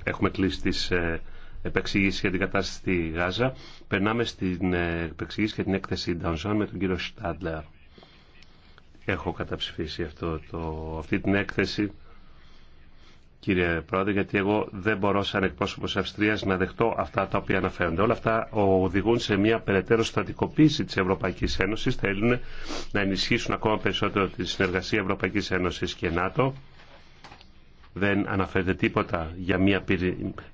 Έχουμε κλείσει τις ε, επεξηγήσεις για την κατάσταση στη Γάζα. Περνάμε στην ε, επεξηγήση για την έκθεση Νταουζάν με τον κύριο Στάντλερ. Έχω καταψηφίσει αυτό, το, αυτή την έκθεση, κύριε Πρόεδρε, γιατί εγώ δεν μπορώ σαν εκπρόσωπο Αυστρία να δεχτώ αυτά τα οποία αναφέρονται. Όλα αυτά οδηγούν σε μια περαιτέρω στρατικοποίηση τη Ευρωπαϊκή Ένωση. Θέλουν να ενισχύσουν ακόμα περισσότερο τη συνεργασία Ευρωπαϊκή Ένωση και ΝΑΤΟ δεν αναφέρεται τίποτα για μια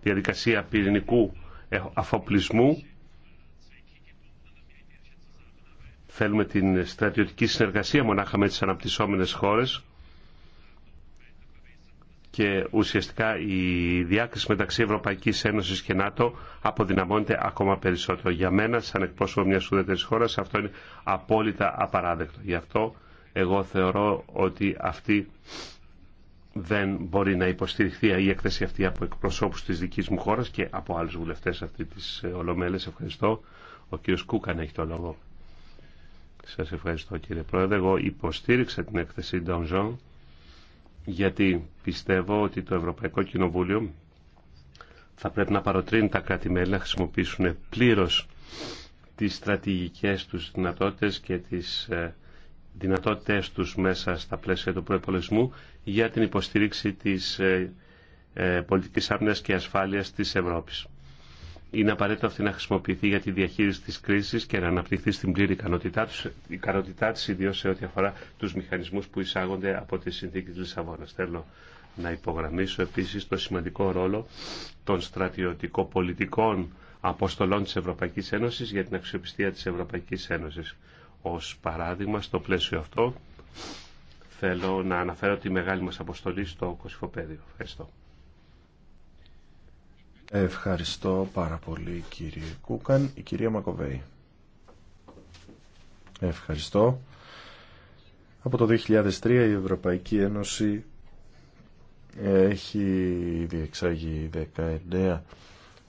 διαδικασία πυρηνικού ε- αφοπλισμού. Θέλουμε την στρατιωτική συνεργασία μονάχα με τις αναπτυσσόμενες χώρες και ουσιαστικά η διάκριση μεταξύ Ευρωπαϊκής Ένωσης και ΝΑΤΟ αποδυναμώνεται ακόμα περισσότερο. Για μένα, σαν εκπρόσωπο μιας ουδέτερης χώρας, αυτό είναι απόλυτα απαράδεκτο. Γι' αυτό εγώ θεωρώ ότι αυτή δεν μπορεί να υποστηριχθεί η έκθεση αυτή από εκπροσώπους της δικής μου χώρας και από άλλους βουλευτές αυτή της ε, Ολομέλης. Ευχαριστώ. Ο κύριος Κούκαν έχει το λόγο. Σας ευχαριστώ κύριε Πρόεδρε. Εγώ υποστήριξα την έκθεση Ντονζόν γιατί πιστεύω ότι το Ευρωπαϊκό Κοινοβούλιο θα πρέπει να παροτρύνει τα κράτη-μέλη να χρησιμοποιήσουν πλήρως τις στρατηγικές τους δυνατότητες και τις ε, δυνατότητές τους μέσα στα πλαίσια του προϋπολογισμού για την υποστήριξη της ε, ε, πολιτικής άμυνας και ασφάλειας της Ευρώπης. Είναι απαραίτητο αυτή να χρησιμοποιηθεί για τη διαχείριση της κρίσης και να αναπτυχθεί στην πλήρη ικανότητά, τους, ικανότητά της, ιδίως σε ό,τι αφορά τους μηχανισμούς που εισάγονται από τη συνθήκη της Λισαβόνας. Θέλω να υπογραμμίσω επίσης το σημαντικό ρόλο των στρατιωτικο-πολιτικών αποστολών της Ευρωπαϊκής Ένωσης για την αξιοπιστία της Ευρωπαϊκής Ένωσης. Ως παράδειγμα, στο πλαίσιο αυτό, θέλω να αναφέρω τη μεγάλη μας αποστολή στο Κωσυφοπέδιο. Ευχαριστώ. Ευχαριστώ πάρα πολύ κύριε Κούκαν. Η κυρία Μακοβέη. Ευχαριστώ. Από το 2003 η Ευρωπαϊκή Ένωση έχει διεξάγει 19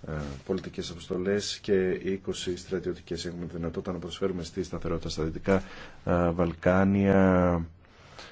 ε, πολιτικές αποστολές και 20 στρατιωτικές. Έχουμε δυνατότητα να προσφέρουμε στη σταθερότητα στα Δυτικά ε, Βαλκάνια.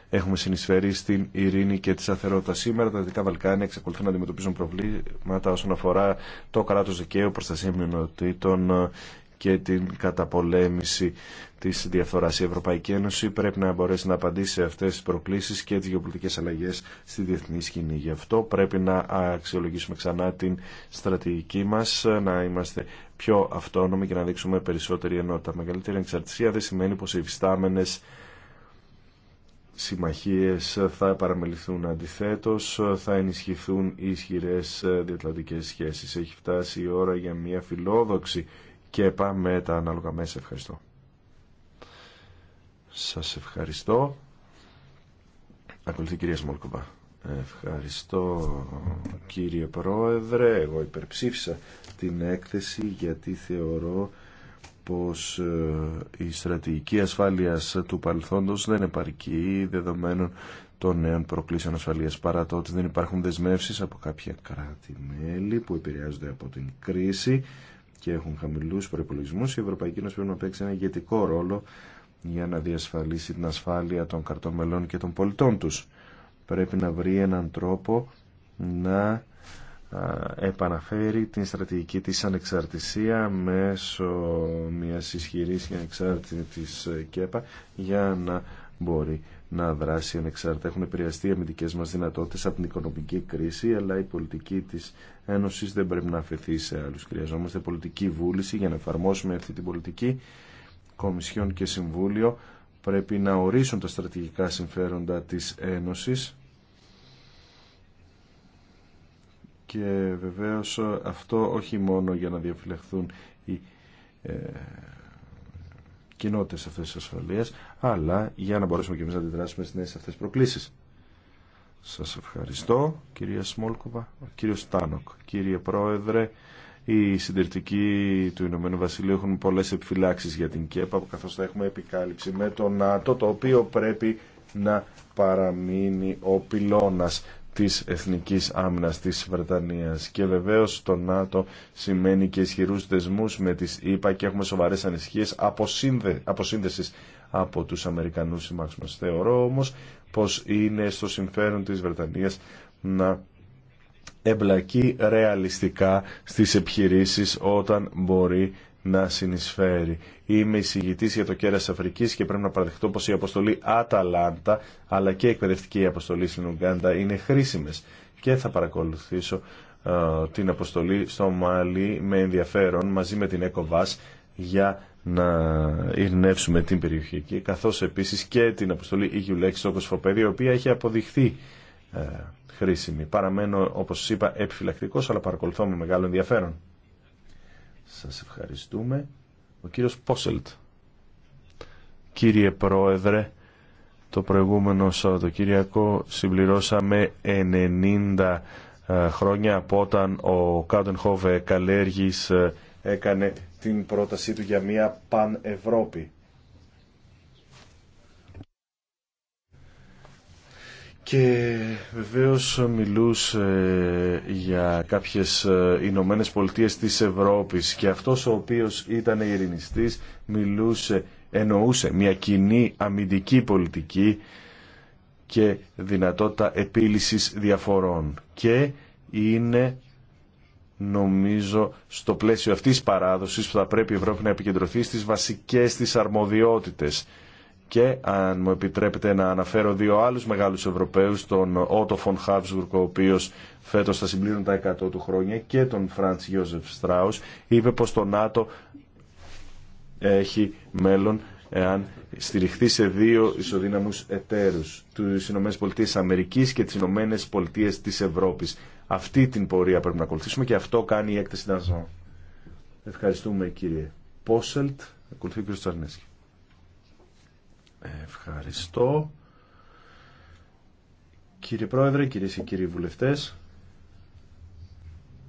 Έχουμε συνεισφέρει στην ειρήνη και τη σταθερότητα. Σήμερα τα Δυτικά Βαλκάνια εξακολουθούν να αντιμετωπίζουν προβλήματα όσον αφορά το κράτο δικαίου, προστασία μειονοτήτων και την καταπολέμηση της διαφθοράς. Η Ευρωπαϊκή Ένωση πρέπει να μπορέσει να απαντήσει σε αυτές τις προκλήσεις και τις γεωπολιτικές αλλαγές στη διεθνή σκηνή. Γι' αυτό πρέπει να αξιολογήσουμε ξανά την στρατηγική μας, να είμαστε πιο αυτόνομοι και να δείξουμε περισσότερη ενότητα. Μεγαλύτερη εξαρτησία δεν σημαίνει πως οι υφιστάμενες συμμαχίες θα παραμεληθούν αντιθέτως, θα ενισχυθούν οι ισχυρές διατλαντικές σχέσεις. Έχει φτάσει η ώρα για μια φιλόδοξη και πάμε τα ανάλογα μέσα. Ευχαριστώ. Σας ευχαριστώ. Ακολουθεί η κυρία Σμόλκοβα. Ευχαριστώ κύριε Πρόεδρε. Εγώ υπερψήφισα την έκθεση γιατί θεωρώ πως ε, η στρατηγική ασφάλειας του παρελθόντος δεν επαρκεί δεδομένων των νέων προκλήσεων ασφαλείας παρά το ότι δεν υπάρχουν δεσμεύσεις από κάποια κράτη-μέλη που επηρεάζονται από την κρίση και έχουν χαμηλού προπολογισμού, η Ευρωπαϊκή Ένωση πρέπει να παίξει ένα ηγετικό ρόλο για να διασφαλίσει την ασφάλεια των καρτομελών και των πολιτών του. Πρέπει να βρει έναν τρόπο να επαναφέρει την στρατηγική της ανεξαρτησία μέσω μιας ισχυρής και ανεξάρτητης ε, ΚΕΠΑ για να μπορεί να δράσει ανεξάρτητα. Έχουν επηρεαστεί οι αμυντικές μας δυνατότητες από την οικονομική κρίση, αλλά η πολιτική της Ένωσης δεν πρέπει να αφαιθεί σε άλλους. Χρειαζόμαστε πολιτική βούληση για να εφαρμόσουμε αυτή την πολιτική. Κομισιόν και Συμβούλιο πρέπει να ορίσουν τα στρατηγικά συμφέροντα της Ένωσης και βεβαίως αυτό όχι μόνο για να διαφυλεχθούν οι ε, κοινότητε αυτέ τη ασφαλεία, αλλά για να μπορέσουμε και εμεί να αντιδράσουμε στι νέε αυτέ προκλήσεις. Σας ευχαριστώ, κυρία Σμόλκοβα, κύριο Στάνοκ, κύριε Πρόεδρε. Οι συντηρητικοί του Ηνωμένου Βασιλείου έχουν πολλές επιφυλάξεις για την ΚΕΠΑ, καθώς θα έχουμε επικάλυψη με το ΝΑΤΟ, το οποίο πρέπει να παραμείνει ο πυλώνα της Εθνικής Άμυνας της Βρετανίας. Και βεβαίως το ΝΑΤΟ σημαίνει και ισχυρούς δεσμούς με τις ΗΠΑ και έχουμε σοβαρές ανησυχίες αποσύνδε, αποσύνδεσης από τους Αμερικανούς συμμάχους μας. Θεωρώ όμως πως είναι στο συμφέρον της Βρετανίας να εμπλακεί ρεαλιστικά στις επιχειρήσεις όταν μπορεί να συνεισφέρει. Είμαι εισηγητή για το κέρα Αφρική και πρέπει να παραδεχτώ πω η αποστολή Αταλάντα αλλά και η εκπαιδευτική αποστολή στην Ουγγάντα είναι χρήσιμε. και θα παρακολουθήσω ε, την αποστολή στο Μαλί με ενδιαφέρον μαζί με την ΕΚΟΒΑΣ για να ειρνεύσουμε την περιοχή εκεί, καθώς επίσης και την αποστολή EULEX στο Κοσφοπέδιο, η οποία έχει αποδειχθεί ε, χρήσιμη. Παραμένω, όπως είπα, επιφυλακτικό, αλλά παρακολουθώ με μεγάλο ενδιαφέρον. Σας ευχαριστούμε. Ο κύριος Πόσελτ. Κύριε Πρόεδρε, το προηγούμενο Σαββατοκύριακο συμπληρώσαμε 90 ε, χρόνια από όταν ο Χόβε Καλέργης ε, έκανε την πρότασή του για μια πανευρώπη. Και βεβαίως μιλούσε για κάποιες ε, Ηνωμένε Πολιτείες της Ευρώπης και αυτός ο οποίος ήταν ειρηνιστής μιλούσε, εννοούσε μια κοινή αμυντική πολιτική και δυνατότητα επίλυσης διαφορών. Και είναι νομίζω στο πλαίσιο αυτής της παράδοσης που θα πρέπει η Ευρώπη να επικεντρωθεί στις βασικές της αρμοδιότητες και αν μου επιτρέπετε να αναφέρω δύο άλλους μεγάλους Ευρωπαίους, τον Ότο Φον ο οποίος φέτος θα συμπλήρουν τα 100 του χρόνια, και τον Φραντς Γιώζεφ Στράους, είπε πως το ΝΑΤΟ έχει μέλλον εάν στηριχθεί σε δύο ισοδύναμους εταίρους, τις ΗΠΑ Αμερικής και τις ΗΠΑ. της Ευρώπης. Αυτή την πορεία πρέπει να ακολουθήσουμε και αυτό κάνει η έκθεση Ευχαριστούμε κύριε Πόσελτ. Ακολουθεί ο κ. Τσαρνέσκη. Ευχαριστώ. Κύριε Πρόεδρε, κυρίες και κύριοι βουλευτές,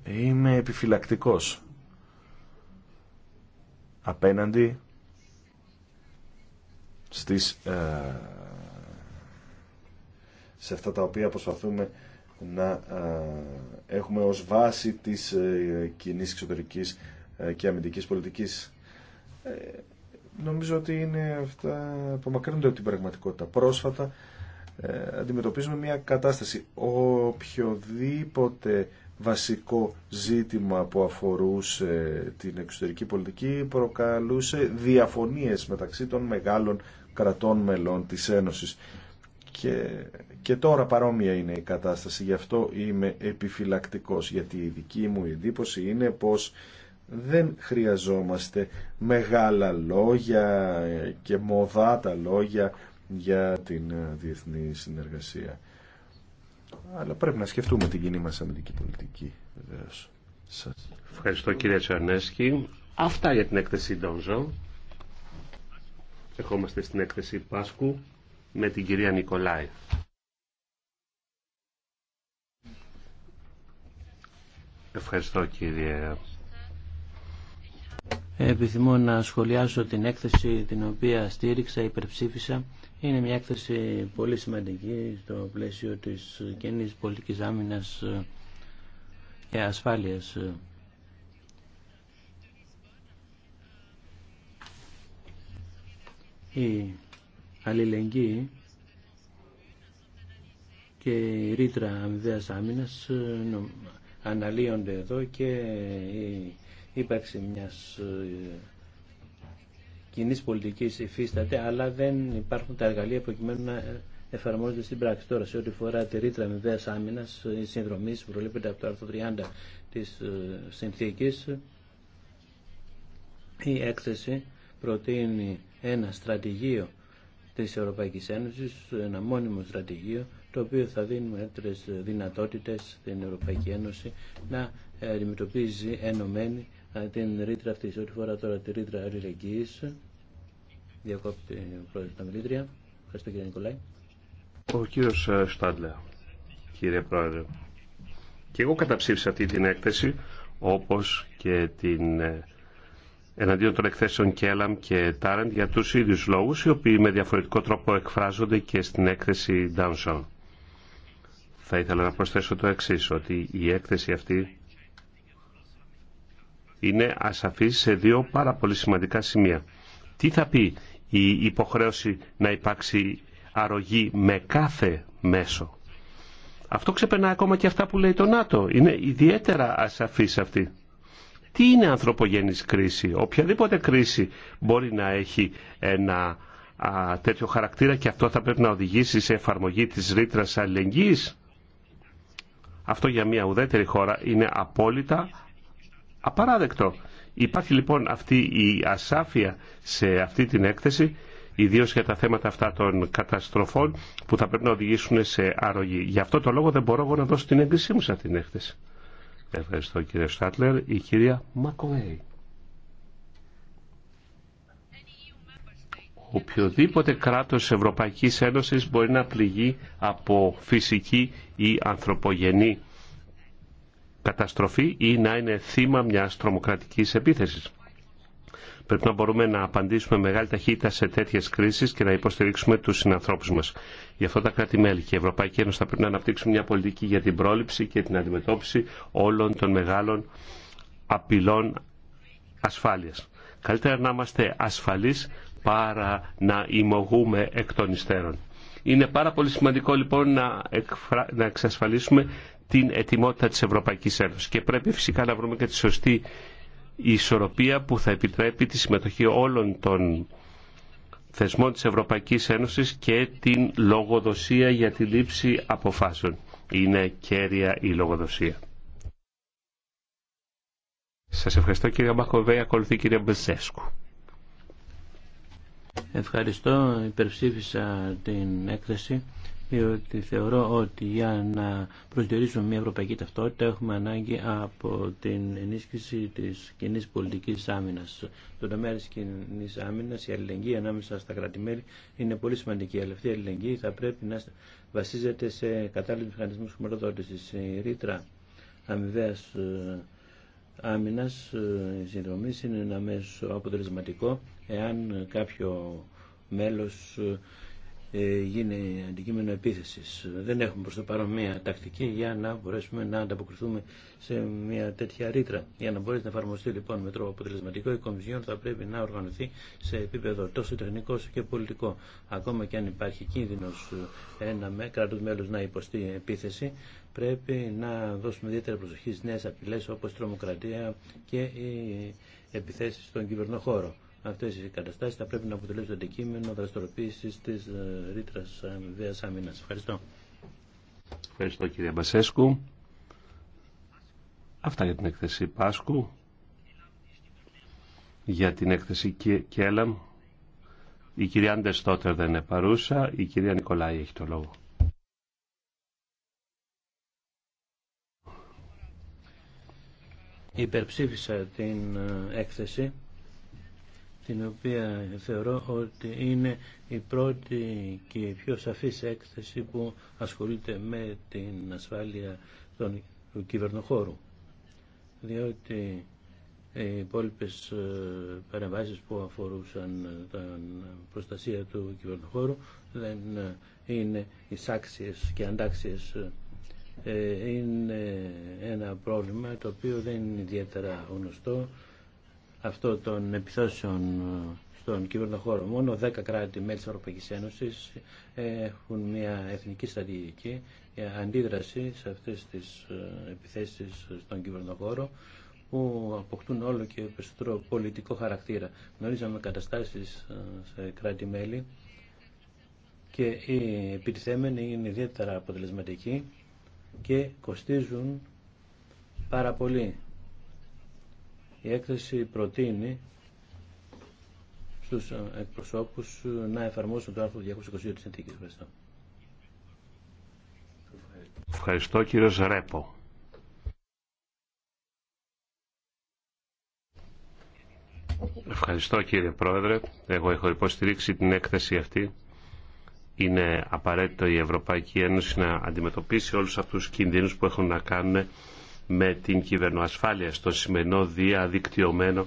είμαι επιφυλακτικός απέναντι στις, ε, σε αυτά τα οποία προσπαθούμε να ε, έχουμε ως βάση της ε, κοινής εξωτερικής και αμυντικής πολιτικής Νομίζω ότι είναι αυτά που μακρύνονται από την πραγματικότητα. Πρόσφατα ε, αντιμετωπίζουμε μια κατάσταση. Οποιοδήποτε βασικό ζήτημα που αφορούσε την εξωτερική πολιτική προκαλούσε διαφωνίες μεταξύ των μεγάλων κρατών μελών της Ένωσης. Και, και τώρα παρόμοια είναι η κατάσταση, γι' αυτό είμαι επιφυλακτικός, γιατί η δική μου εντύπωση είναι πως δεν χρειαζόμαστε μεγάλα λόγια και μοδάτα λόγια για την ε, διεθνή συνεργασία. Αλλά πρέπει να σκεφτούμε την κοινή μας αμυντική πολιτική, βεβαίως. Σας ευχαριστώ κύριε Τσαρνέσκι. Αυτά για την έκθεση Ντόνζο. Ερχόμαστε στην έκθεση Πάσκου με την κυρία Νικολάη. Ευχαριστώ κύριε Επιθυμώ να σχολιάσω την έκθεση την οποία στήριξα, υπερψήφισα. Είναι μια έκθεση πολύ σημαντική στο πλαίσιο της κοινή πολιτικής άμυνας ε, και ασφάλειας. Η αλληλεγγύη και η ρήτρα αμοιβαίας άμυνας ε, αναλύονται εδώ και ύπαρξη μιας ε, κοινή πολιτική υφίσταται, αλλά δεν υπάρχουν τα εργαλεία προκειμένου να ε, εφαρμόζονται στην πράξη. Τώρα, σε ό,τι φορά τη ρήτρα αμοιβαία άμυνα, η συνδρομή που προλείπεται από το άρθρο 30 τη ε, συνθήκη, η έκθεση προτείνει ένα στρατηγείο τη Ευρωπαϊκή Ένωση, ένα μόνιμο στρατηγείο, το οποίο θα δίνει μεγαλύτερες δυνατότητες στην Ευρωπαϊκή Ένωση να αντιμετωπίζει ενωμένη ε, την ρήτρα αυτή. Σε ό,τι φορά τώρα τη ρήτρα αλληλεγγύη. διακόπτη ο πρόεδρος τα μιλήτρια. Ευχαριστώ κύριε Νικολάη. Ο κύριο ε, Στάντλερ, κύριε πρόεδρε. Και εγώ καταψήφισα αυτή την έκθεση, όπω και την ε, εναντίον των εκθέσεων Κέλαμ και Τάρεντ για τους ίδιους λόγους, οι οποίοι με διαφορετικό τρόπο εκφράζονται και στην έκθεση Ντάμσον Θα ήθελα να προσθέσω το εξής, ότι η έκθεση αυτή είναι ασαφής σε δύο πάρα πολύ σημαντικά σημεία. Τι θα πει η υποχρέωση να υπάρξει αρρωγή με κάθε μέσο. Αυτό ξεπερνά ακόμα και αυτά που λέει το ΝΑΤΟ. Είναι ιδιαίτερα ασαφής αυτή. Τι είναι ανθρωπογενής κρίση. Οποιαδήποτε κρίση μπορεί να έχει ένα τέτοιο χαρακτήρα και αυτό θα πρέπει να οδηγήσει σε εφαρμογή της ρήτρα αλληλεγγύης. Αυτό για μια ουδέτερη χώρα είναι απόλυτα απαράδεκτο. Υπάρχει λοιπόν αυτή η ασάφεια σε αυτή την έκθεση, ιδίω για τα θέματα αυτά των καταστροφών που θα πρέπει να οδηγήσουν σε αρρωγή. Γι' αυτό το λόγο δεν μπορώ εγώ να δώσω την έγκρισή μου σε αυτή την έκθεση. Ευχαριστώ κύριε Στάτλερ. Η κυρία Μακοέι. οποιοδήποτε κράτος Ευρωπαϊκής Ένωσης μπορεί να πληγεί από φυσική ή ανθρωπογενή καταστροφή ή να είναι θύμα μιας τρομοκρατικής επίθεσης. Πρέπει να μπορούμε να απαντήσουμε μεγάλη ταχύτητα σε τέτοιες κρίσεις και να υποστηρίξουμε τους συνανθρώπους μας. Γι' αυτό τα κράτη-μέλη και η Ευρωπαϊκή Ένωση θα πρέπει να αναπτύξουν μια πολιτική για την πρόληψη και την αντιμετώπιση όλων των μεγάλων απειλών ασφάλειας. Καλύτερα να είμαστε ασφαλείς παρά να ημωγούμε εκ των υστέρων. Είναι πάρα πολύ σημαντικό λοιπόν να, εξασφαλίσουμε την ετοιμότητα της Ευρωπαϊκής Ένωσης. Και πρέπει φυσικά να βρούμε και τη σωστή ισορροπία που θα επιτρέπει τη συμμετοχή όλων των θεσμών της Ευρωπαϊκής Ένωσης και την λογοδοσία για τη λήψη αποφάσεων. Είναι κέρια η λογοδοσία. Σας ευχαριστώ κύριε Μαχοβέ, ακολουθεί κύριε Μπεζέσκου. Ευχαριστώ, υπερψήφισα την έκθεση διότι θεωρώ ότι για να προσδιορίσουμε μια ευρωπαϊκή ταυτότητα έχουμε ανάγκη από την ενίσχυση της κοινή πολιτικής άμυνας. Το τομέα της κοινή άμυνας η αλληλεγγύη ανάμεσα στα κρατημέλη είναι πολύ σημαντική. Αλλά αυτή η αλληλεγγύη θα πρέπει να βασίζεται σε κατάλληλους μηχανισμούς χρηματοδότηση. Η ρήτρα αμοιβαίας ε, άμυνας ε, συνδρομή είναι ένα μέσο αποτελεσματικό εάν κάποιο μέλος ε, ε, γίνει αντικείμενο επίθεση. Δεν έχουμε προ το παρόν μια τακτική για να μπορέσουμε να ανταποκριθούμε σε μια τέτοια ρήτρα. Για να μπορέσει να εφαρμοστεί λοιπόν με τρόπο αποτελεσματικό η Κομισιόν θα πρέπει να οργανωθεί σε επίπεδο τόσο τεχνικό όσο και πολιτικό. Ακόμα και αν υπάρχει κίνδυνο ε, ένα κράτο μέλο να υποστεί επίθεση πρέπει να δώσουμε ιδιαίτερη προσοχή στι νέε απειλέ όπω η τρομοκρατία και οι επιθέσει στον κυβερνοχώρο. Αυτέ οι κατάσταση, θα πρέπει να αποτελέσουν αντικείμενο δραστηριοποίησης της ε, ρήτρα ε, αμοιβαία Άμυνα. Ευχαριστώ. Ευχαριστώ κύριε Μπασέσκου. Αυτά για την έκθεση Πάσκου. Για την έκθεση Κέλαμ. Η κυρία Αντεστότερ δεν είναι παρούσα. Η κυρία Νικολάη έχει το λόγο. Υπερψήφισα την ε, έκθεση την οποία θεωρώ ότι είναι η πρώτη και η πιο σαφής έκθεση που ασχολείται με την ασφάλεια των, του κυβερνοχώρου. Διότι οι υπόλοιπε παρεμβάσει που αφορούσαν ε, την προστασία του κυβερνοχώρου δεν ε, είναι εισάξιες και αντάξιες ε, είναι ένα πρόβλημα το οποίο δεν είναι ιδιαίτερα γνωστό αυτό των επιθέσεων ε, στον χώρο. Μόνο 10 κράτη μέλη της Ευρωπαϊκής Ένωσης έχουν μια εθνική στρατηγική ε, αντίδραση σε αυτές τις ε, επιθέσεις στον χώρο που αποκτούν όλο και περισσότερο πολιτικό χαρακτήρα. Γνωρίζαμε καταστάσεις σε κράτη-μέλη και οι επιτιθέμενοι είναι ιδιαίτερα αποτελεσματικοί και κοστίζουν πάρα πολύ η έκθεση προτείνει στους ε, εκπροσώπους ε, να εφαρμόσουν το άρθρο 222 της συνθήκης. Ευχαριστώ. Ευχαριστώ κύριο Ρέπο. Ευχαριστώ κύριε Πρόεδρε. Εγώ έχω υποστηρίξει την έκθεση αυτή. Είναι απαραίτητο η Ευρωπαϊκή Ένωση να αντιμετωπίσει όλους αυτούς τους κινδύνους που έχουν να κάνουν με την κυβερνοασφάλεια στο σημερινό διαδικτυωμένο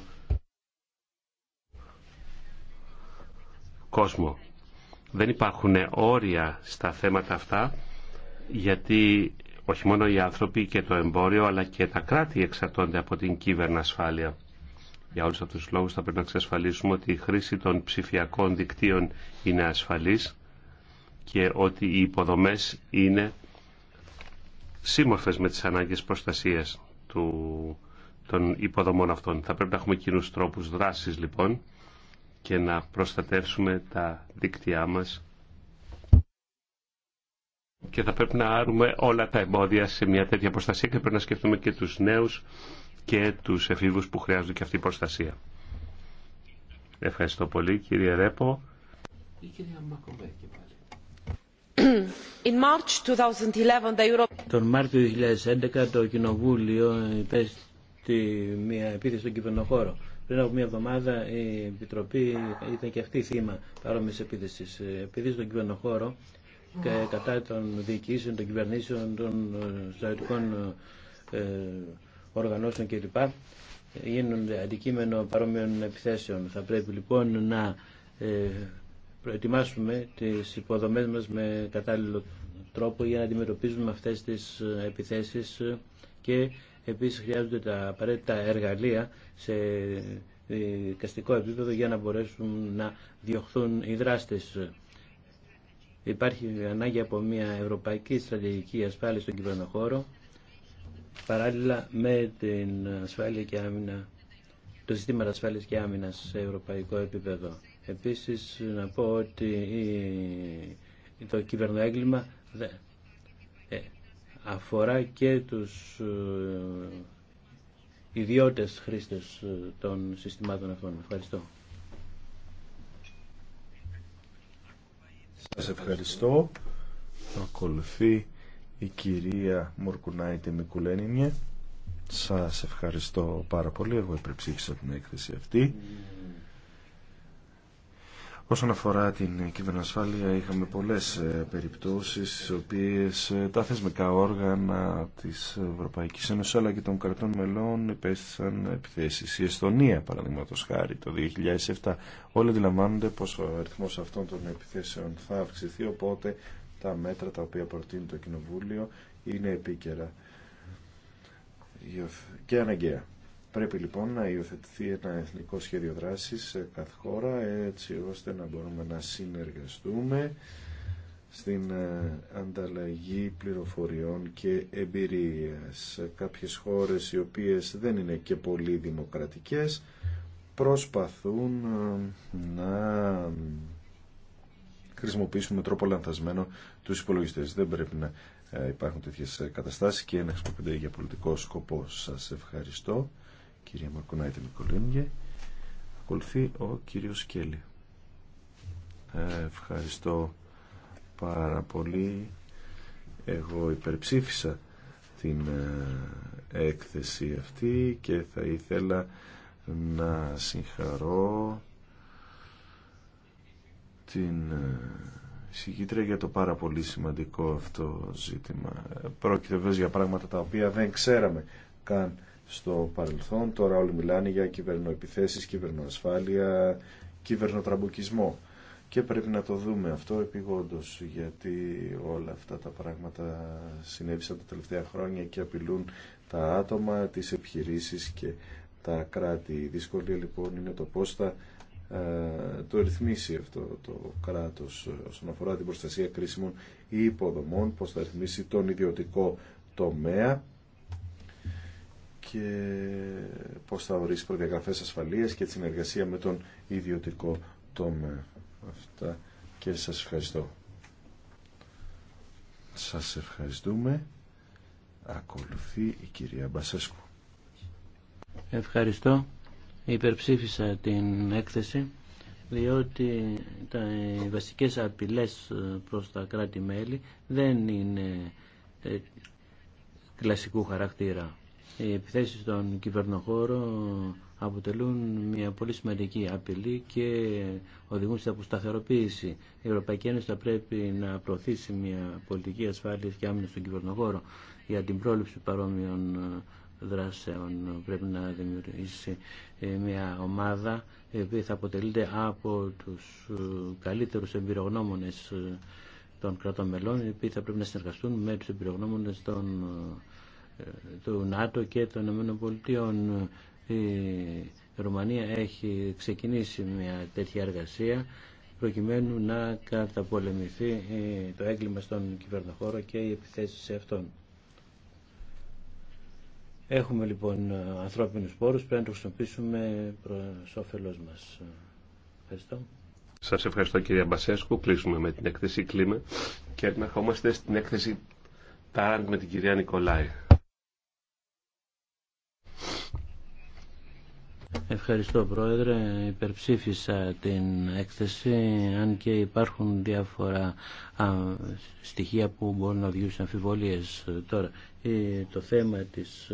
κόσμο. Δεν υπάρχουν όρια στα θέματα αυτά γιατί όχι μόνο οι άνθρωποι και το εμπόριο αλλά και τα κράτη εξαρτώνται από την κυβερνοασφάλεια. Για όλους αυτούς τους λόγους θα πρέπει να εξασφαλίσουμε ότι η χρήση των ψηφιακών δικτύων είναι ασφαλής και ότι οι υποδομές είναι σύμμορφες με τις ανάγκες προστασίας του, των υποδομών αυτών. Θα πρέπει να έχουμε κοινού τρόπους δράσης λοιπόν και να προστατεύσουμε τα δίκτυά μας και θα πρέπει να άρουμε όλα τα εμπόδια σε μια τέτοια προστασία και πρέπει να σκεφτούμε και τους νέους και τους εφήβους που χρειάζονται και αυτή η προστασία. Ευχαριστώ πολύ κύριε Ρέπο. Η κυρία Μακοβέ, Τον Μάρτιο 2011 το Κοινοβούλιο υπέστη μια επίθεση στον κυβερνοχώρο. Πριν από μια εβδομάδα η Επιτροπή ήταν και αυτή θύμα παρόμοιες επίθεσης. Επειδή στον κυβερνοχώρο και κατά των διοικήσεων, των κυβερνήσεων, των ε, στρατιωτικών ε, οργανώσεων κλπ. γίνονται αντικείμενο παρόμοιων επιθέσεων. Θα πρέπει λοιπόν να ε, προετοιμάσουμε τις υποδομές μας με κατάλληλο τρόπο για να αντιμετωπίζουμε αυτές τις ε, επιθέσεις ε, και επίσης χρειάζονται τα απαραίτητα εργαλεία σε ε, δικαστικό επίπεδο για να μπορέσουν να διωχθούν οι δράστες. Υπάρχει ανάγκη από μια ευρωπαϊκή στρατηγική ασφάλεια στον κυβερνοχώρο παράλληλα με την ασφάλεια και άμυνα, το συστήμα ασφάλειας και άμυνας σε ευρωπαϊκό επίπεδο. Επίσης να πω ότι το κυβερνοέγκλημα ε, αφορά και τους ε, ιδιώτες χρήστες ε, των συστημάτων αυτών. Ευχαριστώ. Σας ευχαριστώ. Ακολουθεί η κυρία Μορκουνάιτη Μικουλένινιε. Σας ευχαριστώ πάρα πολύ. Εγώ υπερψήφισα την έκθεση αυτή. Όσον αφορά την κυβερνοασφάλεια, είχαμε πολλές ε, περιπτώσεις, στις οποίες ε, τα θεσμικά όργανα της Ευρωπαϊκής Ένωσης αλλά και των κρατών μελών υπέστησαν επιθέσεις. Η Εστονία, παραδείγματο χάρη, το 2007, όλοι αντιλαμβάνονται πως ο αριθμός αυτών των επιθέσεων θα αυξηθεί, οπότε τα μέτρα τα οποία προτείνει το Κοινοβούλιο είναι επίκαιρα και αναγκαία. Πρέπει λοιπόν να υιοθετηθεί ένα εθνικό σχέδιο δράση σε κάθε χώρα έτσι ώστε να μπορούμε να συνεργαστούμε στην ε, ανταλλαγή πληροφοριών και εμπειρίας. Κάποιες χώρες οι οποίες δεν είναι και πολύ δημοκρατικές προσπαθούν ε, να χρησιμοποιήσουν με τρόπο λανθασμένο τους υπολογιστές. Δεν πρέπει να ε, υπάρχουν τέτοιες καταστάσεις και να χρησιμοποιούνται για πολιτικό σκοπό. Σας ευχαριστώ κυρία Μαρκουνάιτε Μικολίνγε. Ακολουθεί ο κύριος Ε, ευχαριστώ πάρα πολύ. Εγώ υπερψήφισα την ε, έκθεση αυτή και θα ήθελα να συγχαρώ την ε, συγκήτρια για το πάρα πολύ σημαντικό αυτό ζήτημα. Ε, πρόκειται βέβαια για πράγματα τα οποία δεν ξέραμε καν στο παρελθόν. Τώρα όλοι μιλάνε για κυβερνοεπιθέσεις, κυβερνοασφάλεια, κυβερνοτραμπουκισμό. Και πρέπει να το δούμε αυτό επίγοντος γιατί όλα αυτά τα πράγματα συνέβησαν τα τελευταία χρόνια και απειλούν τα άτομα, τις επιχειρήσεις και τα κράτη. Η δυσκολία λοιπόν είναι το πώς θα ε, το ρυθμίσει αυτό το κράτος ε, όσον αφορά την προστασία κρίσιμων υποδομών, πώς θα ρυθμίσει τον ιδιωτικό τομέα και πώς θα ορίσει προδιαγραφές ασφαλείας και τη συνεργασία με τον ιδιωτικό τομέα. Αυτά και σας ευχαριστώ. Σας ευχαριστούμε. Ακολουθεί η κυρία Μπασέσκου. Ευχαριστώ. Υπερψήφισα την έκθεση διότι τα βασικές απειλές ε, προς τα κράτη-μέλη δεν είναι ε, κλασικού χαρακτήρα. Οι επιθέσεις στον κυβερνοχώρο αποτελούν μια πολύ σημαντική απειλή και οδηγούν σε αποσταθεροποίηση. Η Ευρωπαϊκή Ένωση θα πρέπει να προωθήσει μια πολιτική ασφάλεια και άμυνα στον κυβερνοχώρο για την πρόληψη παρόμοιων δράσεων. Πρέπει να δημιουργήσει ε, μια ομάδα η οποία θα αποτελείται από τους ε, καλύτερους εμπειρογνώμονες ε, των κρατών μελών, οι οποίοι θα πρέπει να συνεργαστούν με τους εμπειρογνώμονες των του ΝΑΤΟ και των ΗΠΑ. Η Ρουμανία έχει ξεκινήσει μια τέτοια εργασία προκειμένου να καταπολεμηθεί ε, το έγκλημα στον κυβερνοχώρο και οι επιθέσεις σε αυτόν. Έχουμε λοιπόν ανθρώπινους πόρους, πρέπει να το χρησιμοποιήσουμε προς όφελός μας. Ευχαριστώ. Σας ευχαριστώ κυρία Μπασέσκου. Κλείσουμε με την έκθεση κλίμα και έρχομαστε στην έκθεση Τάραντ με την κυρία Νικολάη. Ευχαριστώ Πρόεδρε. Υπερψήφισα την έκθεση, αν και υπάρχουν διάφορα στοιχεία που μπορούν να βγουν αμφιβολίες τώρα. το θέμα της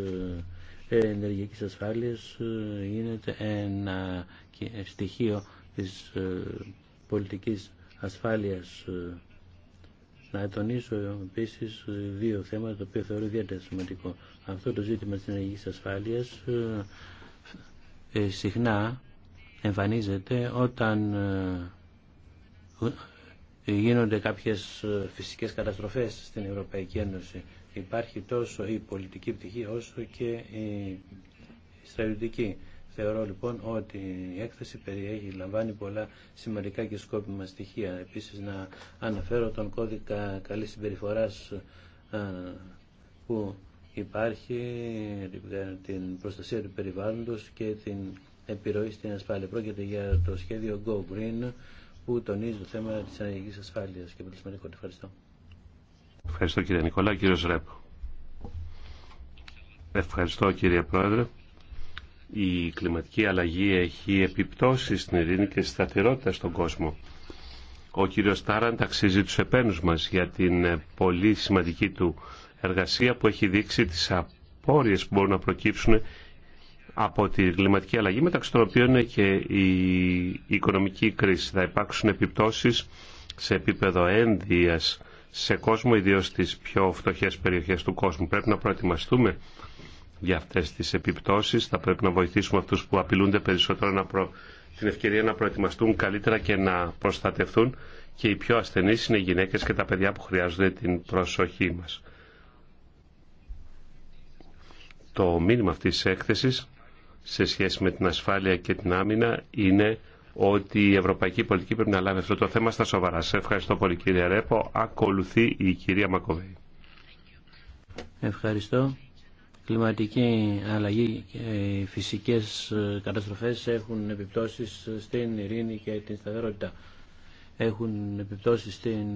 ε, ενεργειακής ασφάλειας ε, γίνεται ένα στοιχείο της ε, πολιτικής ασφάλειας. Να ετονίσω επίση δύο θέματα τα οποία θεωρώ ιδιαίτερα σημαντικό. Αυτό το ζήτημα της ενεργειακής ασφάλειας ε, συχνά εμφανίζεται όταν ε, γίνονται κάποιες ε, φυσικές καταστροφές στην Ευρωπαϊκή Ένωση. Υπάρχει τόσο η πολιτική πτυχή όσο και η στρατιωτική. Θεωρώ λοιπόν ότι η έκθεση περιέχει, λαμβάνει πολλά σημαντικά και σκόπιμα στοιχεία. Επίσης να αναφέρω τον κώδικα καλής συμπεριφοράς που υπάρχει την προστασία του περιβάλλοντος και την επιρροή στην ασφάλεια. Πρόκειται για το σχέδιο Go Green που τονίζει το θέμα της ανεργικής ασφάλειας και πλησμενικών. Ευχαριστώ. Ευχαριστώ κύριε Νικολά. Κύριος Ρέπο. Ευχαριστώ κύριε Πρόεδρε. Η κλιματική αλλαγή έχει επιπτώσει στην ειρήνη και στη σταθερότητα στον κόσμο. Ο κύριος Τάραντ αξίζει τους επένους μας για την πολύ σημαντική του εργασία που έχει δείξει τις απόρριες που μπορούν να προκύψουν από τη κλιματική αλλαγή, μεταξύ των οποίων και η οικονομική κρίση. Θα υπάρξουν επιπτώσεις σε επίπεδο ένδυας σε κόσμο, ιδίως στις πιο φτωχές περιοχές του κόσμου. Πρέπει να προετοιμαστούμε για αυτές τις επιπτώσεις. Θα πρέπει να βοηθήσουμε αυτούς που απειλούνται περισσότερο να την ευκαιρία να προετοιμαστούν καλύτερα και να προστατευτούν και οι πιο ασθενείς είναι οι γυναίκες και τα παιδιά που χρειάζονται την προσοχή μας. το μήνυμα αυτής της έκθεσης σε σχέση με την ασφάλεια και την άμυνα είναι ότι η ευρωπαϊκή πολιτική πρέπει να λάβει αυτό το θέμα στα σοβαρά. Σε ευχαριστώ πολύ κύριε Ρέπο. Ακολουθεί η κυρία Μακοβέη. Ευχαριστώ. Κλιματική αλλαγή και φυσικές ε, καταστροφές έχουν επιπτώσεις στην ειρήνη και την σταθερότητα. Έχουν επιπτώσεις στην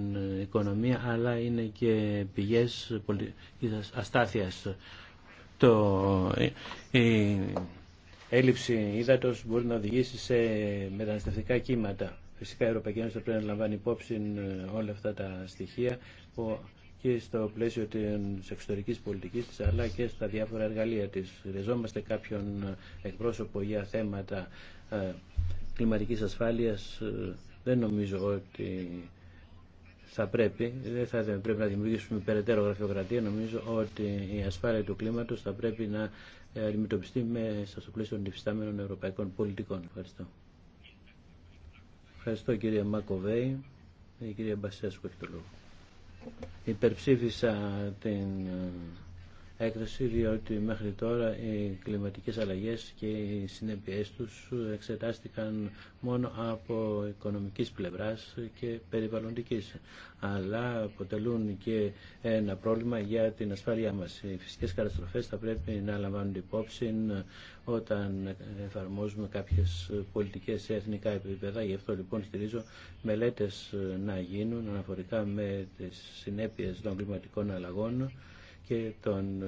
οικονομία αλλά είναι και πηγές αστάθειας το, η έλλειψη ύδατος μπορεί να οδηγήσει σε μεταναστευτικά κύματα. Φυσικά η Ευρωπαϊκή Ένωση πρέπει να λαμβάνει υπόψη ε, όλα αυτά τα στοιχεία που και στο πλαίσιο της εξωτερικής πολιτικής της αλλά και στα διάφορα εργαλεία της. Ρεζόμαστε κάποιον ε, εκπρόσωπο για θέματα ε, κλιματικής ασφάλειας. Δεν νομίζω ότι θα πρέπει, δεν θα πρέπει να δημιουργήσουμε περαιτέρω γραφειοκρατία. Νομίζω ότι η ασφάλεια του κλίματος θα πρέπει να ε, αντιμετωπιστεί με στο πλαίσιο των υφιστάμενων ευρωπαϊκών πολιτικών. Ευχαριστώ. Ευχαριστώ κύριε Μακοβέη. Η κυρία Μπασέσκου έχει το λόγο. Υπερψήφισα την ε, έκθεση διότι μέχρι τώρα οι κλιματικές αλλαγές και οι συνέπειές τους εξετάστηκαν μόνο από οικονομικής πλευράς και περιβαλλοντικής αλλά αποτελούν και ένα πρόβλημα για την ασφάλειά μας. Οι φυσικές καταστροφές θα πρέπει να λαμβάνουν υπόψη όταν εφαρμόζουμε κάποιες πολιτικές σε εθνικά επίπεδα. Γι' αυτό λοιπόν στηρίζω μελέτες να γίνουν αναφορικά με τις συνέπειες των κλιματικών αλλαγών και των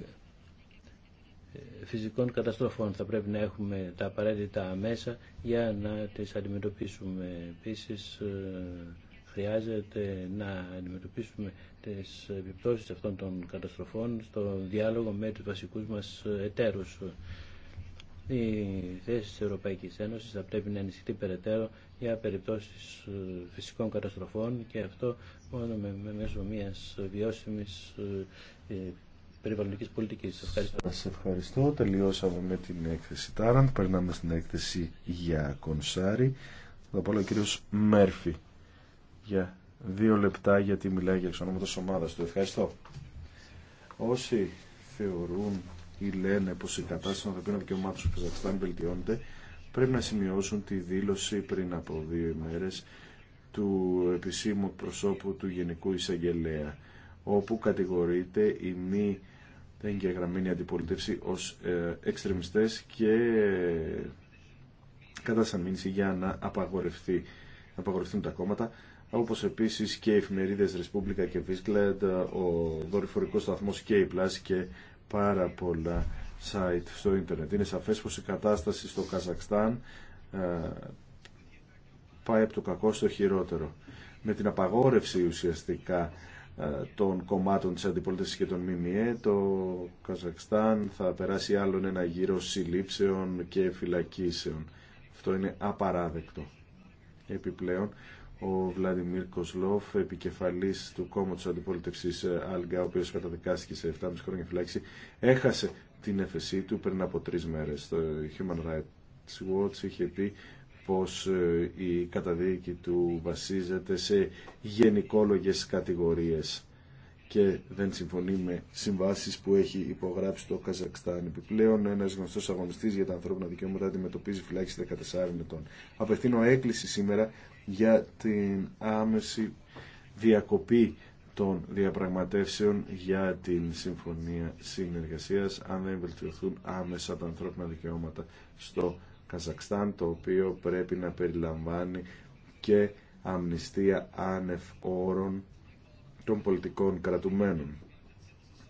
ε, φυσικών καταστροφών. Θα πρέπει να έχουμε τα απαραίτητα μέσα για να τις αντιμετωπίσουμε. Επίσης, ε, χρειάζεται να αντιμετωπίσουμε τις επιπτώσεις αυτών των καταστροφών στο διάλογο με τους βασικούς μας εταίρους. Η θέση της Ευρωπαϊκής Ένωσης θα πρέπει να ενισχυθεί περαιτέρω για περιπτώσεις ε, φυσικών καταστροφών και αυτό μόνο με μέσω μιας βιώσιμης ε, ε, περιβαλλοντικής πολιτικής. Σας ευχαριστώ. Σας ευχαριστώ. Τελειώσαμε με την έκθεση Τάραντ. Περνάμε στην έκθεση για Κονσάρι. Θα πω ο κύριος Μέρφυ για δύο λεπτά γιατί μιλάει για εξ ομάδας του. Ευχαριστώ. Όσοι θεωρούν ή λένε πω η κατάσταση των ανθρωπίνων δικαιωμάτων στο Καζακστάν βελτιώνεται, πρέπει να σημειώσουν τη δήλωση πριν από δύο ημέρε του επισήμου προσώπου του Γενικού Εισαγγελέα, όπου κατηγορείται η μη εγγεγραμμένη αντιπολίτευση ως ε, εξτρεμιστές και κατά για να απαγορευτεί, να απαγορευτούν τα κόμματα, όπως επίσης και οι εφημερίδες Ρεσπούμπλικα και Βίσκλετ ο δορυφορικός σταθμός και η Πλάση και πάρα πολλά site στο ίντερνετ. Είναι σαφές πως η κατάσταση στο Καζακστάν ε, πάει από το κακό στο χειρότερο. Με την απαγόρευση ουσιαστικά ε, των κομμάτων της αντιπολίτευσης και των ΜΜΕ το Καζακστάν θα περάσει άλλον ένα γύρο συλλήψεων και φυλακίσεων. Αυτό είναι απαράδεκτο. Επιπλέον, ο Βλαντιμίρ Κοσλόφ, επικεφαλή του κόμματος αντιπολίτευση ΑΛΓΑ, ε, ο οποίο καταδικάστηκε σε 7,5 χρόνια φυλάξη, έχασε την έφεσή του πριν από τρει μέρε Το Human Rights Watch είχε πει πω ε, η καταδίκη του βασίζεται σε γενικόλογες κατηγορίε και δεν συμφωνεί με συμβάσει που έχει υπογράψει το Καζακστάν. Επιπλέον, ένα γνωστό αγωνιστή για τα ανθρώπινα δικαιώματα αντιμετωπίζει φυλάξη 14 ετών. Απευθύνω έκκληση σήμερα για την άμεση διακοπή των διαπραγματεύσεων για την Συμφωνία Συνεργασίας αν δεν βελτιωθούν άμεσα τα ανθρώπινα δικαιώματα στο Καζακστάν το οποίο πρέπει να περιλαμβάνει και αμνηστία άνευ όρων των πολιτικών κρατουμένων.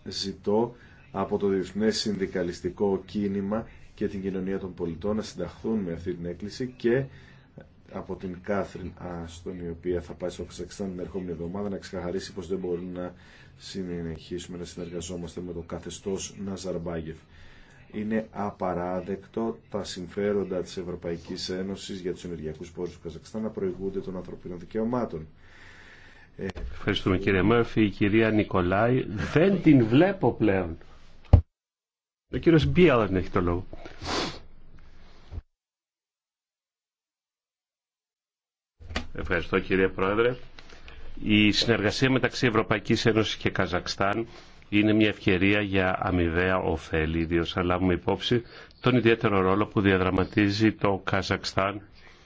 Ζητώ από το διεθνέ Συνδικαλιστικό Κίνημα και την Κοινωνία των Πολιτών να συνταχθούν με αυτή την έκκληση και από την Κάθριν Άστον, η οποία θα πάει στο Καζακστάν την ερχόμενη εβδομάδα, να ξεχαρίσει πως δεν μπορούμε να συνεχίσουμε να συνεργαζόμαστε με το καθεστώς Ναζαρμπάγεφ. Είναι απαράδεκτο τα συμφέροντα της Ευρωπαϊκής Ένωσης για τους ενεργειακούς πόρους του Καζακστάν να προηγούνται των ανθρωπίνων δικαιωμάτων. Ε, Ευχαριστούμε κύριε Μέρφυ. Η κυρία Νικολάη δεν την βλέπω πλέον. Ο κύριος Μπίαλαν έχει το λόγο. Ευχαριστώ κύριε Πρόεδρε. Η συνεργασία μεταξύ Ευρωπαϊκής Ένωσης και Καζακστάν είναι μια ευκαιρία για αμοιβαία ωφέλη, ιδίω αν λάβουμε υπόψη τον ιδιαίτερο ρόλο που διαδραματίζει το Καζακστάν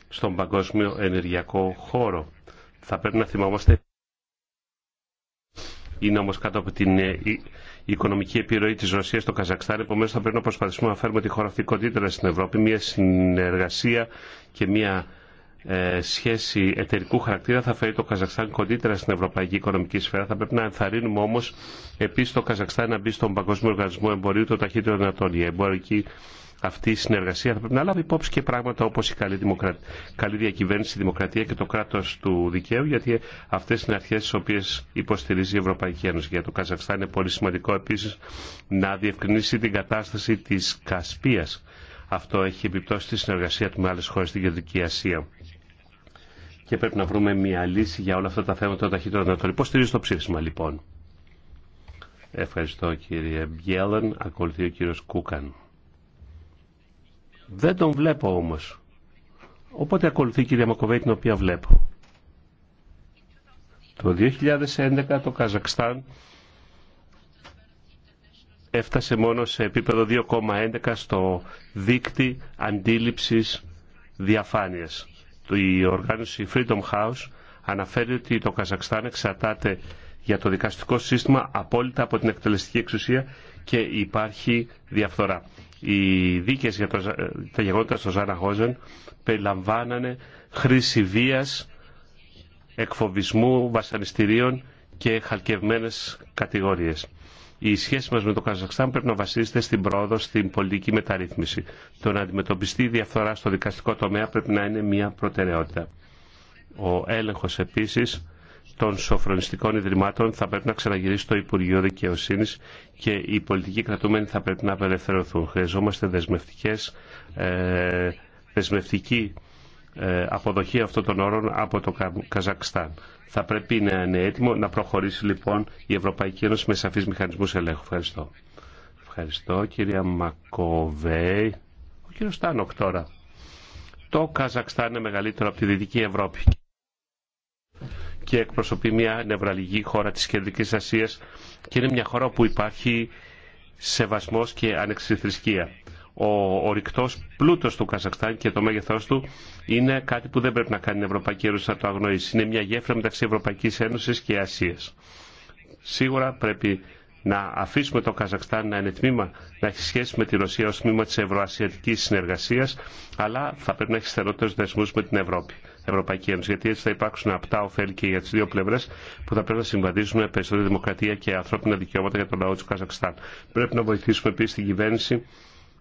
στον παγκόσμιο ενεργειακό χώρο. Θα πρέπει να θυμόμαστε είναι όμω κάτω από την ε, οικονομική επιρροή τη Ρωσία στο Καζακστάν. Επομένω, θα πρέπει να προσπαθήσουμε να φέρουμε τη χώρα αυτή κοντύτερα στην Ευρώπη. Μια συνεργασία και μια ε, σχέση εταιρικού χαρακτήρα θα φέρει το Καζακστάν κοντύτερα στην ευρωπαϊκή οικονομική σφαίρα. Θα πρέπει να ενθαρρύνουμε όμω επίση το Καζακστάν να μπει στον Παγκόσμιο Οργανισμό Εμπορίου το ταχύτερο δυνατόν. Η εμπορική αυτή η συνεργασία θα πρέπει να λάβει υπόψη και πράγματα όπω η καλή, δημοκρα... καλή διακυβέρνηση, η δημοκρατία και το κράτο του δικαίου, γιατί αυτέ είναι αρχέ τι οποίε υποστηρίζει η Ευρωπαϊκή Ένωση. Για το Καζακστάν είναι πολύ σημαντικό επίση να διευκρινίσει την κατάσταση τη Κασπία. Αυτό έχει επιπτώσει τη συνεργασία του με άλλε χώρε στην Κεντρική Ασία και πρέπει να βρούμε μια λύση για όλα αυτά τα θέματα των ταχύτερων δυνατών. Πώς στηρίζει το ψήφισμα λοιπόν. Ευχαριστώ κύριε Μπιέλεν. Ακολουθεί ο κύριος Κούκαν. Δεν τον βλέπω όμως. Οπότε ακολουθεί η κυρία Μακοβέη την οποία βλέπω. Το 2011 το Καζακστάν έφτασε μόνο σε επίπεδο 2,11 στο δίκτυ αντίληψης διαφάνειας η οργάνωση Freedom House αναφέρει ότι το Καζακστάν εξαρτάται για το δικαστικό σύστημα απόλυτα από την εκτελεστική εξουσία και υπάρχει διαφθορά. Οι δίκες για τα γεγονότα στο Χόζεν περιλαμβάνανε χρήση βίας, εκφοβισμού, βασανιστήριων και χαλκευμένες κατηγορίες η σχέση μας με το Καζακστάν πρέπει να βασίζεται στην πρόοδο στην πολιτική μεταρρύθμιση. Το να αντιμετωπιστεί η διαφθορά στο δικαστικό τομέα πρέπει να είναι μια προτεραιότητα. Ο έλεγχος επίσης των σοφρονιστικών ιδρυμάτων θα πρέπει να ξαναγυρίσει στο Υπουργείο Δικαιοσύνη και οι πολιτικοί κρατούμενοι θα πρέπει να απελευθερωθούν. Χρειαζόμαστε ε, δεσμευτική ε, αποδοχή αυτών των όρων από το Καζακστάν θα πρέπει να είναι έτοιμο να προχωρήσει λοιπόν η Ευρωπαϊκή Ένωση με σαφείς μηχανισμούς ελέγχου. Ευχαριστώ. Ευχαριστώ κυρία Μακοβέη. Ο κύριος Στάνοκ τώρα. Το Καζακστάν είναι μεγαλύτερο από τη Δυτική Ευρώπη και εκπροσωπεί μια νευραλική χώρα της Κεντρικής Ασίας και είναι μια χώρα που υπάρχει σεβασμός και ανεξιθρησκεία ο ορυκτό πλούτο του Καζακστάν και το μέγεθό του είναι κάτι που δεν πρέπει να κάνει η Ευρωπαϊκή Ένωση να το αγνοήσει. Είναι μια γέφυρα μεταξύ Ευρωπαϊκή Ένωση και Ασία. Σίγουρα πρέπει να αφήσουμε το Καζακστάν να είναι τμήμα, να έχει σχέση με τη Ρωσία ω τμήμα τη ευρωασιατική συνεργασία, αλλά θα πρέπει να έχει στερότερου δεσμού με την Ευρώπη, Ευρωπαϊκή Ένωση. Γιατί έτσι θα υπάρξουν απτά ωφέλη και για τι δύο πλευρέ που θα πρέπει να συμβαδίζουν με περισσότερη δημοκρατία και ανθρώπινα δικαιώματα για τον λαό του Καζακστάν. Πρέπει να βοηθήσουμε επίση την κυβέρνηση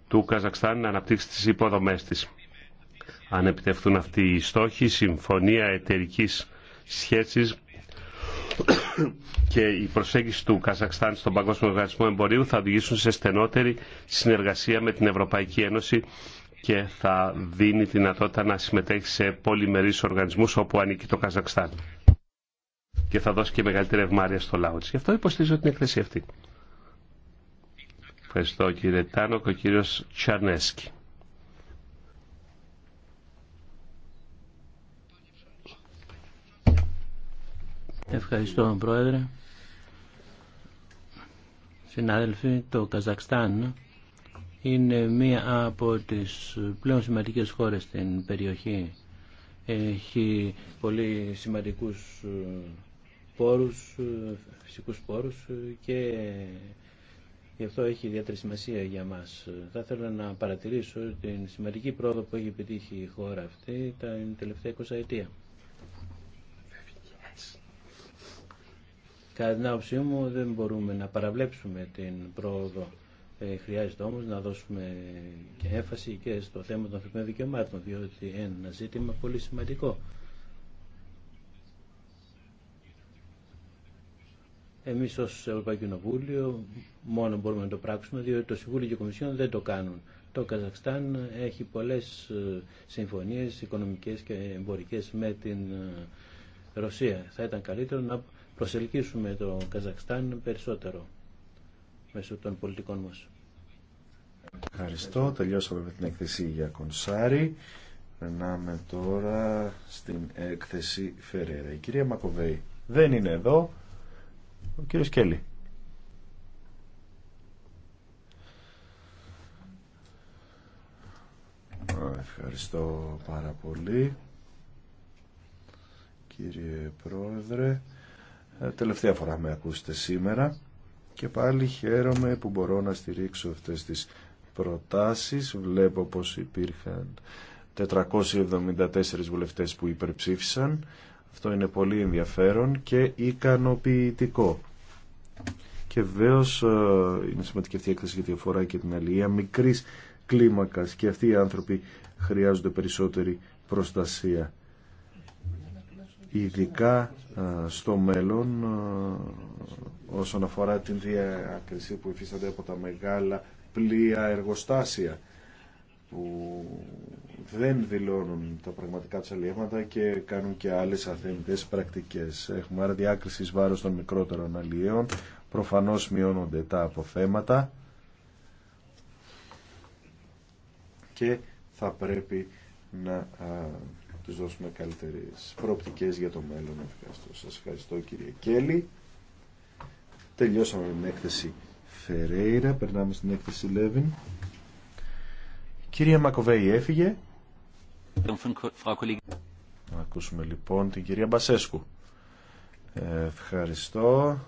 του Καζακστάν να αναπτύξει τις υποδομές της. Αν επιτευχθούν αυτοί οι στόχοι, η συμφωνία εταιρική σχέση και η προσέγγιση του Καζακστάν στον Παγκόσμιο Οργανισμό Εμπορίου θα οδηγήσουν σε στενότερη συνεργασία με την Ευρωπαϊκή Ένωση και θα δίνει τη δυνατότητα να συμμετέχει σε πολυμερείς οργανισμούς όπου ανήκει το Καζακστάν. Και θα δώσει και μεγαλύτερη ευμάρεια στο λαό της. Γι' αυτό υποστηρίζω την εκθέση αυτή. Ευχαριστώ κύριε Τάνοκ. Ο κύριος Τσαρνέσκι. Ευχαριστώ Πρόεδρε. Συνάδελφοι, το Καζακστάν είναι μία από τις πλέον σημαντικές χώρες στην περιοχή. Έχει πολύ σημαντικούς ε, πόρους, ε, φυσικούς πόρους ε, και Γι' αυτό έχει ιδιαίτερη σημασία για μα. Θα ήθελα να παρατηρήσω την σημαντική πρόοδο που έχει επιτύχει η χώρα αυτή τα τελευταία 20 ετία. Κατά την άποψή μου δεν μπορούμε να παραβλέψουμε την πρόοδο. Ε, χρειάζεται όμως να δώσουμε και έμφαση και στο θέμα των ανθρωπίνων δικαιωμάτων, διότι είναι ένα ζήτημα πολύ σημαντικό. Εμείς ως Ευρωπαϊκό Κοινοβούλιο μόνο μπορούμε να το πράξουμε, διότι το Συμβούλιο και η Κομισιόν δεν το κάνουν. Το Καζακστάν έχει πολλές ε, συμφωνίες οικονομικές και εμπορικές με την ε, Ρωσία. Θα ήταν καλύτερο να προσελκύσουμε το Καζακστάν περισσότερο μέσω των πολιτικών μας. Ευχαριστώ. Τελειώσαμε με την έκθεση για κονσάρι. Περνάμε τώρα στην έκθεση Φερέρα. Η κυρία Μακοβέη δεν είναι εδώ. Ο κύριο Κέλλη. Ευχαριστώ πάρα πολύ κύριε Πρόεδρε. Ε, τελευταία φορά με ακούσετε σήμερα και πάλι χαίρομαι που μπορώ να στηρίξω αυτές τις προτάσεις. Βλέπω πως υπήρχαν 474 βουλευτές που υπερψήφισαν. Αυτό είναι πολύ ενδιαφέρον και ικανοποιητικό. Και βεβαίω ε, είναι σημαντική αυτή η έκθεση τη αφορά και την αλληλεία μικρή κλίμακα και αυτοί οι άνθρωποι χρειάζονται περισσότερη προστασία. Ειδικά ε, στο μέλλον ε, όσον αφορά την διακρισή που υφίστανται από τα μεγάλα πλοία εργοστάσια που δεν δηλώνουν τα πραγματικά τους αλλιεύματα και κάνουν και άλλες αθέμητες πρακτικές. Έχουμε άρα διάκριση βάρος των μικρότερων αλλιέων. Προφανώς μειώνονται τα αποθέματα και θα πρέπει να α, τους δώσουμε καλύτερες προοπτικές για το μέλλον. Ευχαριστώ. Σας ευχαριστώ κύριε Κέλλη. Τελειώσαμε την έκθεση Φερέιρα. Περνάμε στην έκθεση Λέβιν. Κυρία Μακοβέη έφυγε. Να ακούσουμε λοιπόν την κυρία Μπασέσκου. Ευχαριστώ.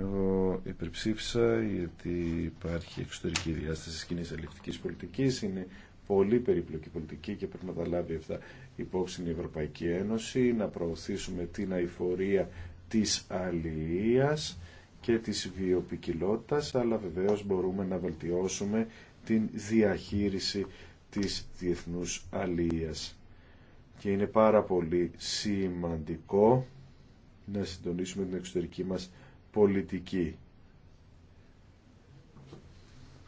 Εγώ υπερψήφισα γιατί υπάρχει εξωτερική διάσταση της κοινής αλληλευτικής πολιτικής. Είναι πολύ περίπλοκη πολιτική και πρέπει να τα λάβει αυτά υπόψη η Ευρωπαϊκή Ένωση. Να προωθήσουμε την αηφορία της αλληλείας και της βιοπικιλότητας, αλλά βεβαίως μπορούμε να βελτιώσουμε την διαχείριση της διεθνούς αλίας. Και είναι πάρα πολύ σημαντικό να συντονίσουμε την εξωτερική μας πολιτική.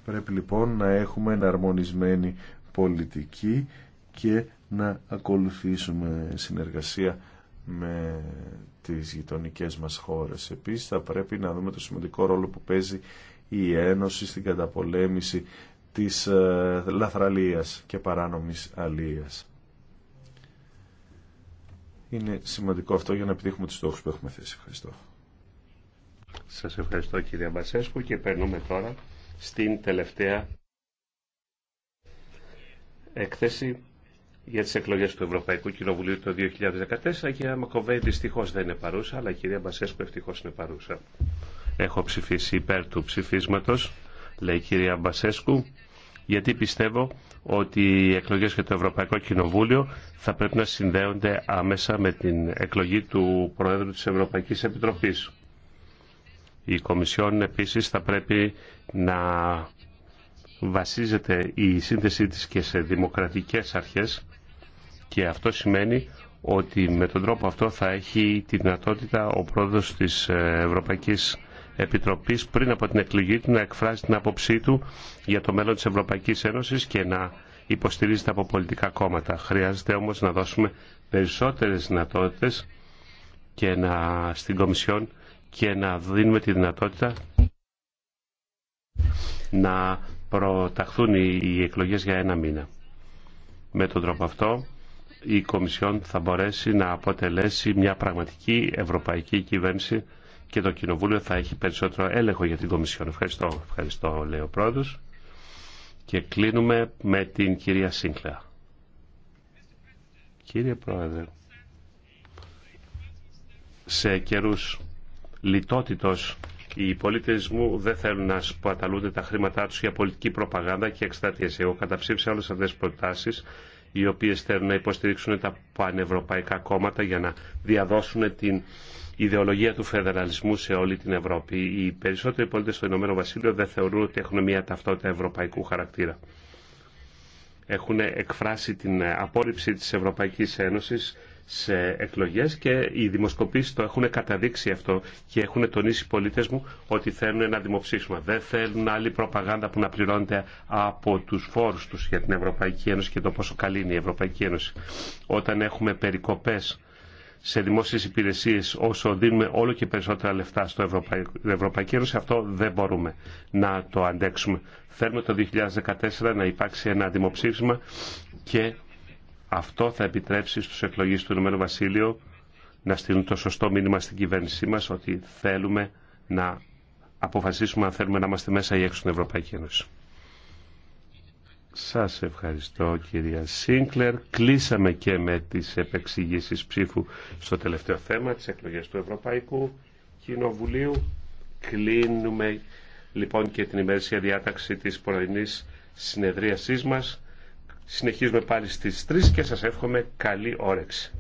Πρέπει λοιπόν να έχουμε εναρμονισμένη πολιτική και να ακολουθήσουμε συνεργασία με τις γειτονικές μας χώρες. Επίσης θα πρέπει να δούμε το σημαντικό ρόλο που παίζει η Ένωση στην καταπολέμηση της ε, λαθραλίας και παράνομης αλίας. Είναι σημαντικό αυτό για να επιτύχουμε τους στόχους που έχουμε θέσει. Ευχαριστώ. Σας ευχαριστώ κύριε Μπασέσκου και περνούμε τώρα στην τελευταία έκθεση για τις εκλογές του Ευρωπαϊκού Κοινοβουλίου το 2014. Η κυρία Μακοβέη δυστυχώς δεν είναι παρούσα, αλλά η κυρία Μπασέσκου ευτυχώς είναι παρούσα. Έχω ψηφίσει υπέρ του ψηφίσματος, λέει η κυρία Μπασέσκου γιατί πιστεύω ότι οι εκλογές για το Ευρωπαϊκό Κοινοβούλιο θα πρέπει να συνδέονται άμεσα με την εκλογή του Προέδρου της Ευρωπαϊκής Επιτροπής. Η Κομισιόν επίσης θα πρέπει να βασίζεται η σύνθεσή της και σε δημοκρατικές αρχές και αυτό σημαίνει ότι με τον τρόπο αυτό θα έχει τη δυνατότητα ο πρόεδρος της Ευρωπαϊκής Επιτροπής πριν από την εκλογή του να εκφράσει την άποψή του για το μέλλον της Ευρωπαϊκής Ένωσης και να υποστηρίζεται από πολιτικά κόμματα. Χρειάζεται όμως να δώσουμε περισσότερες δυνατότητες και να, στην Κομισιόν και να δίνουμε τη δυνατότητα να προταχθούν οι εκλογές για ένα μήνα. Με τον τρόπο αυτό η Κομισιόν θα μπορέσει να αποτελέσει μια πραγματική ευρωπαϊκή κυβέρνηση και το Κοινοβούλιο θα έχει περισσότερο έλεγχο για την Κομισιόν. Ευχαριστώ, ευχαριστώ λέει ο Πρόεδρος. Και κλείνουμε με την κυρία Σίνκλα. Κύριε Πρόεδρε, σε καιρούς λιτότητος οι πολίτε μου δεν θέλουν να σπαταλούνται τα χρήματά του για πολιτική προπαγάνδα και εκστρατείε. Εγώ καταψήφισα όλε αυτέ τι προτάσει, οι οποίε θέλουν να υποστηρίξουν τα πανευρωπαϊκά κόμματα για να διαδώσουν την ιδεολογία του φεδεραλισμού σε όλη την Ευρώπη. Οι περισσότεροι πολίτε στο Ηνωμένο Βασίλειο δεν θεωρούν ότι έχουν μια ταυτότητα ευρωπαϊκού χαρακτήρα. Έχουν εκφράσει την απόρριψη τη Ευρωπαϊκή Ένωση σε εκλογέ και οι δημοσκοπήσει το έχουν καταδείξει αυτό και έχουν τονίσει οι πολίτες μου ότι θέλουν ένα δημοψήφισμα. Δεν θέλουν άλλη προπαγάνδα που να πληρώνεται από του φόρου του για την Ευρωπαϊκή Ένωση και το πόσο καλή είναι η Ευρωπαϊκή Ένωση. Όταν έχουμε περικοπέ σε δημόσιες υπηρεσίες όσο δίνουμε όλο και περισσότερα λεφτά στο Ευρωπαϊκό Ευρωπαϊκή Ένωση, αυτό δεν μπορούμε να το αντέξουμε. Θέλουμε το 2014 να υπάρξει ένα δημοψήφισμα και αυτό θα επιτρέψει στους εκλογείς του Ηνωμένου Βασίλειου να στείλουν το σωστό μήνυμα στην κυβέρνησή μας ότι θέλουμε να αποφασίσουμε αν θέλουμε να είμαστε μέσα ή έξω στην Ευρωπαϊκή Ένωση. Σας ευχαριστώ κυρία Σίνκλερ. Κλείσαμε και με τις επεξηγήσεις ψήφου στο τελευταίο θέμα της εκλογές του Ευρωπαϊκού Κοινοβουλίου. Κλείνουμε λοιπόν και την ημερήσια διάταξη της πρωινής συνεδρίασής μας. Συνεχίζουμε πάλι στις 3 και σας εύχομαι καλή όρεξη.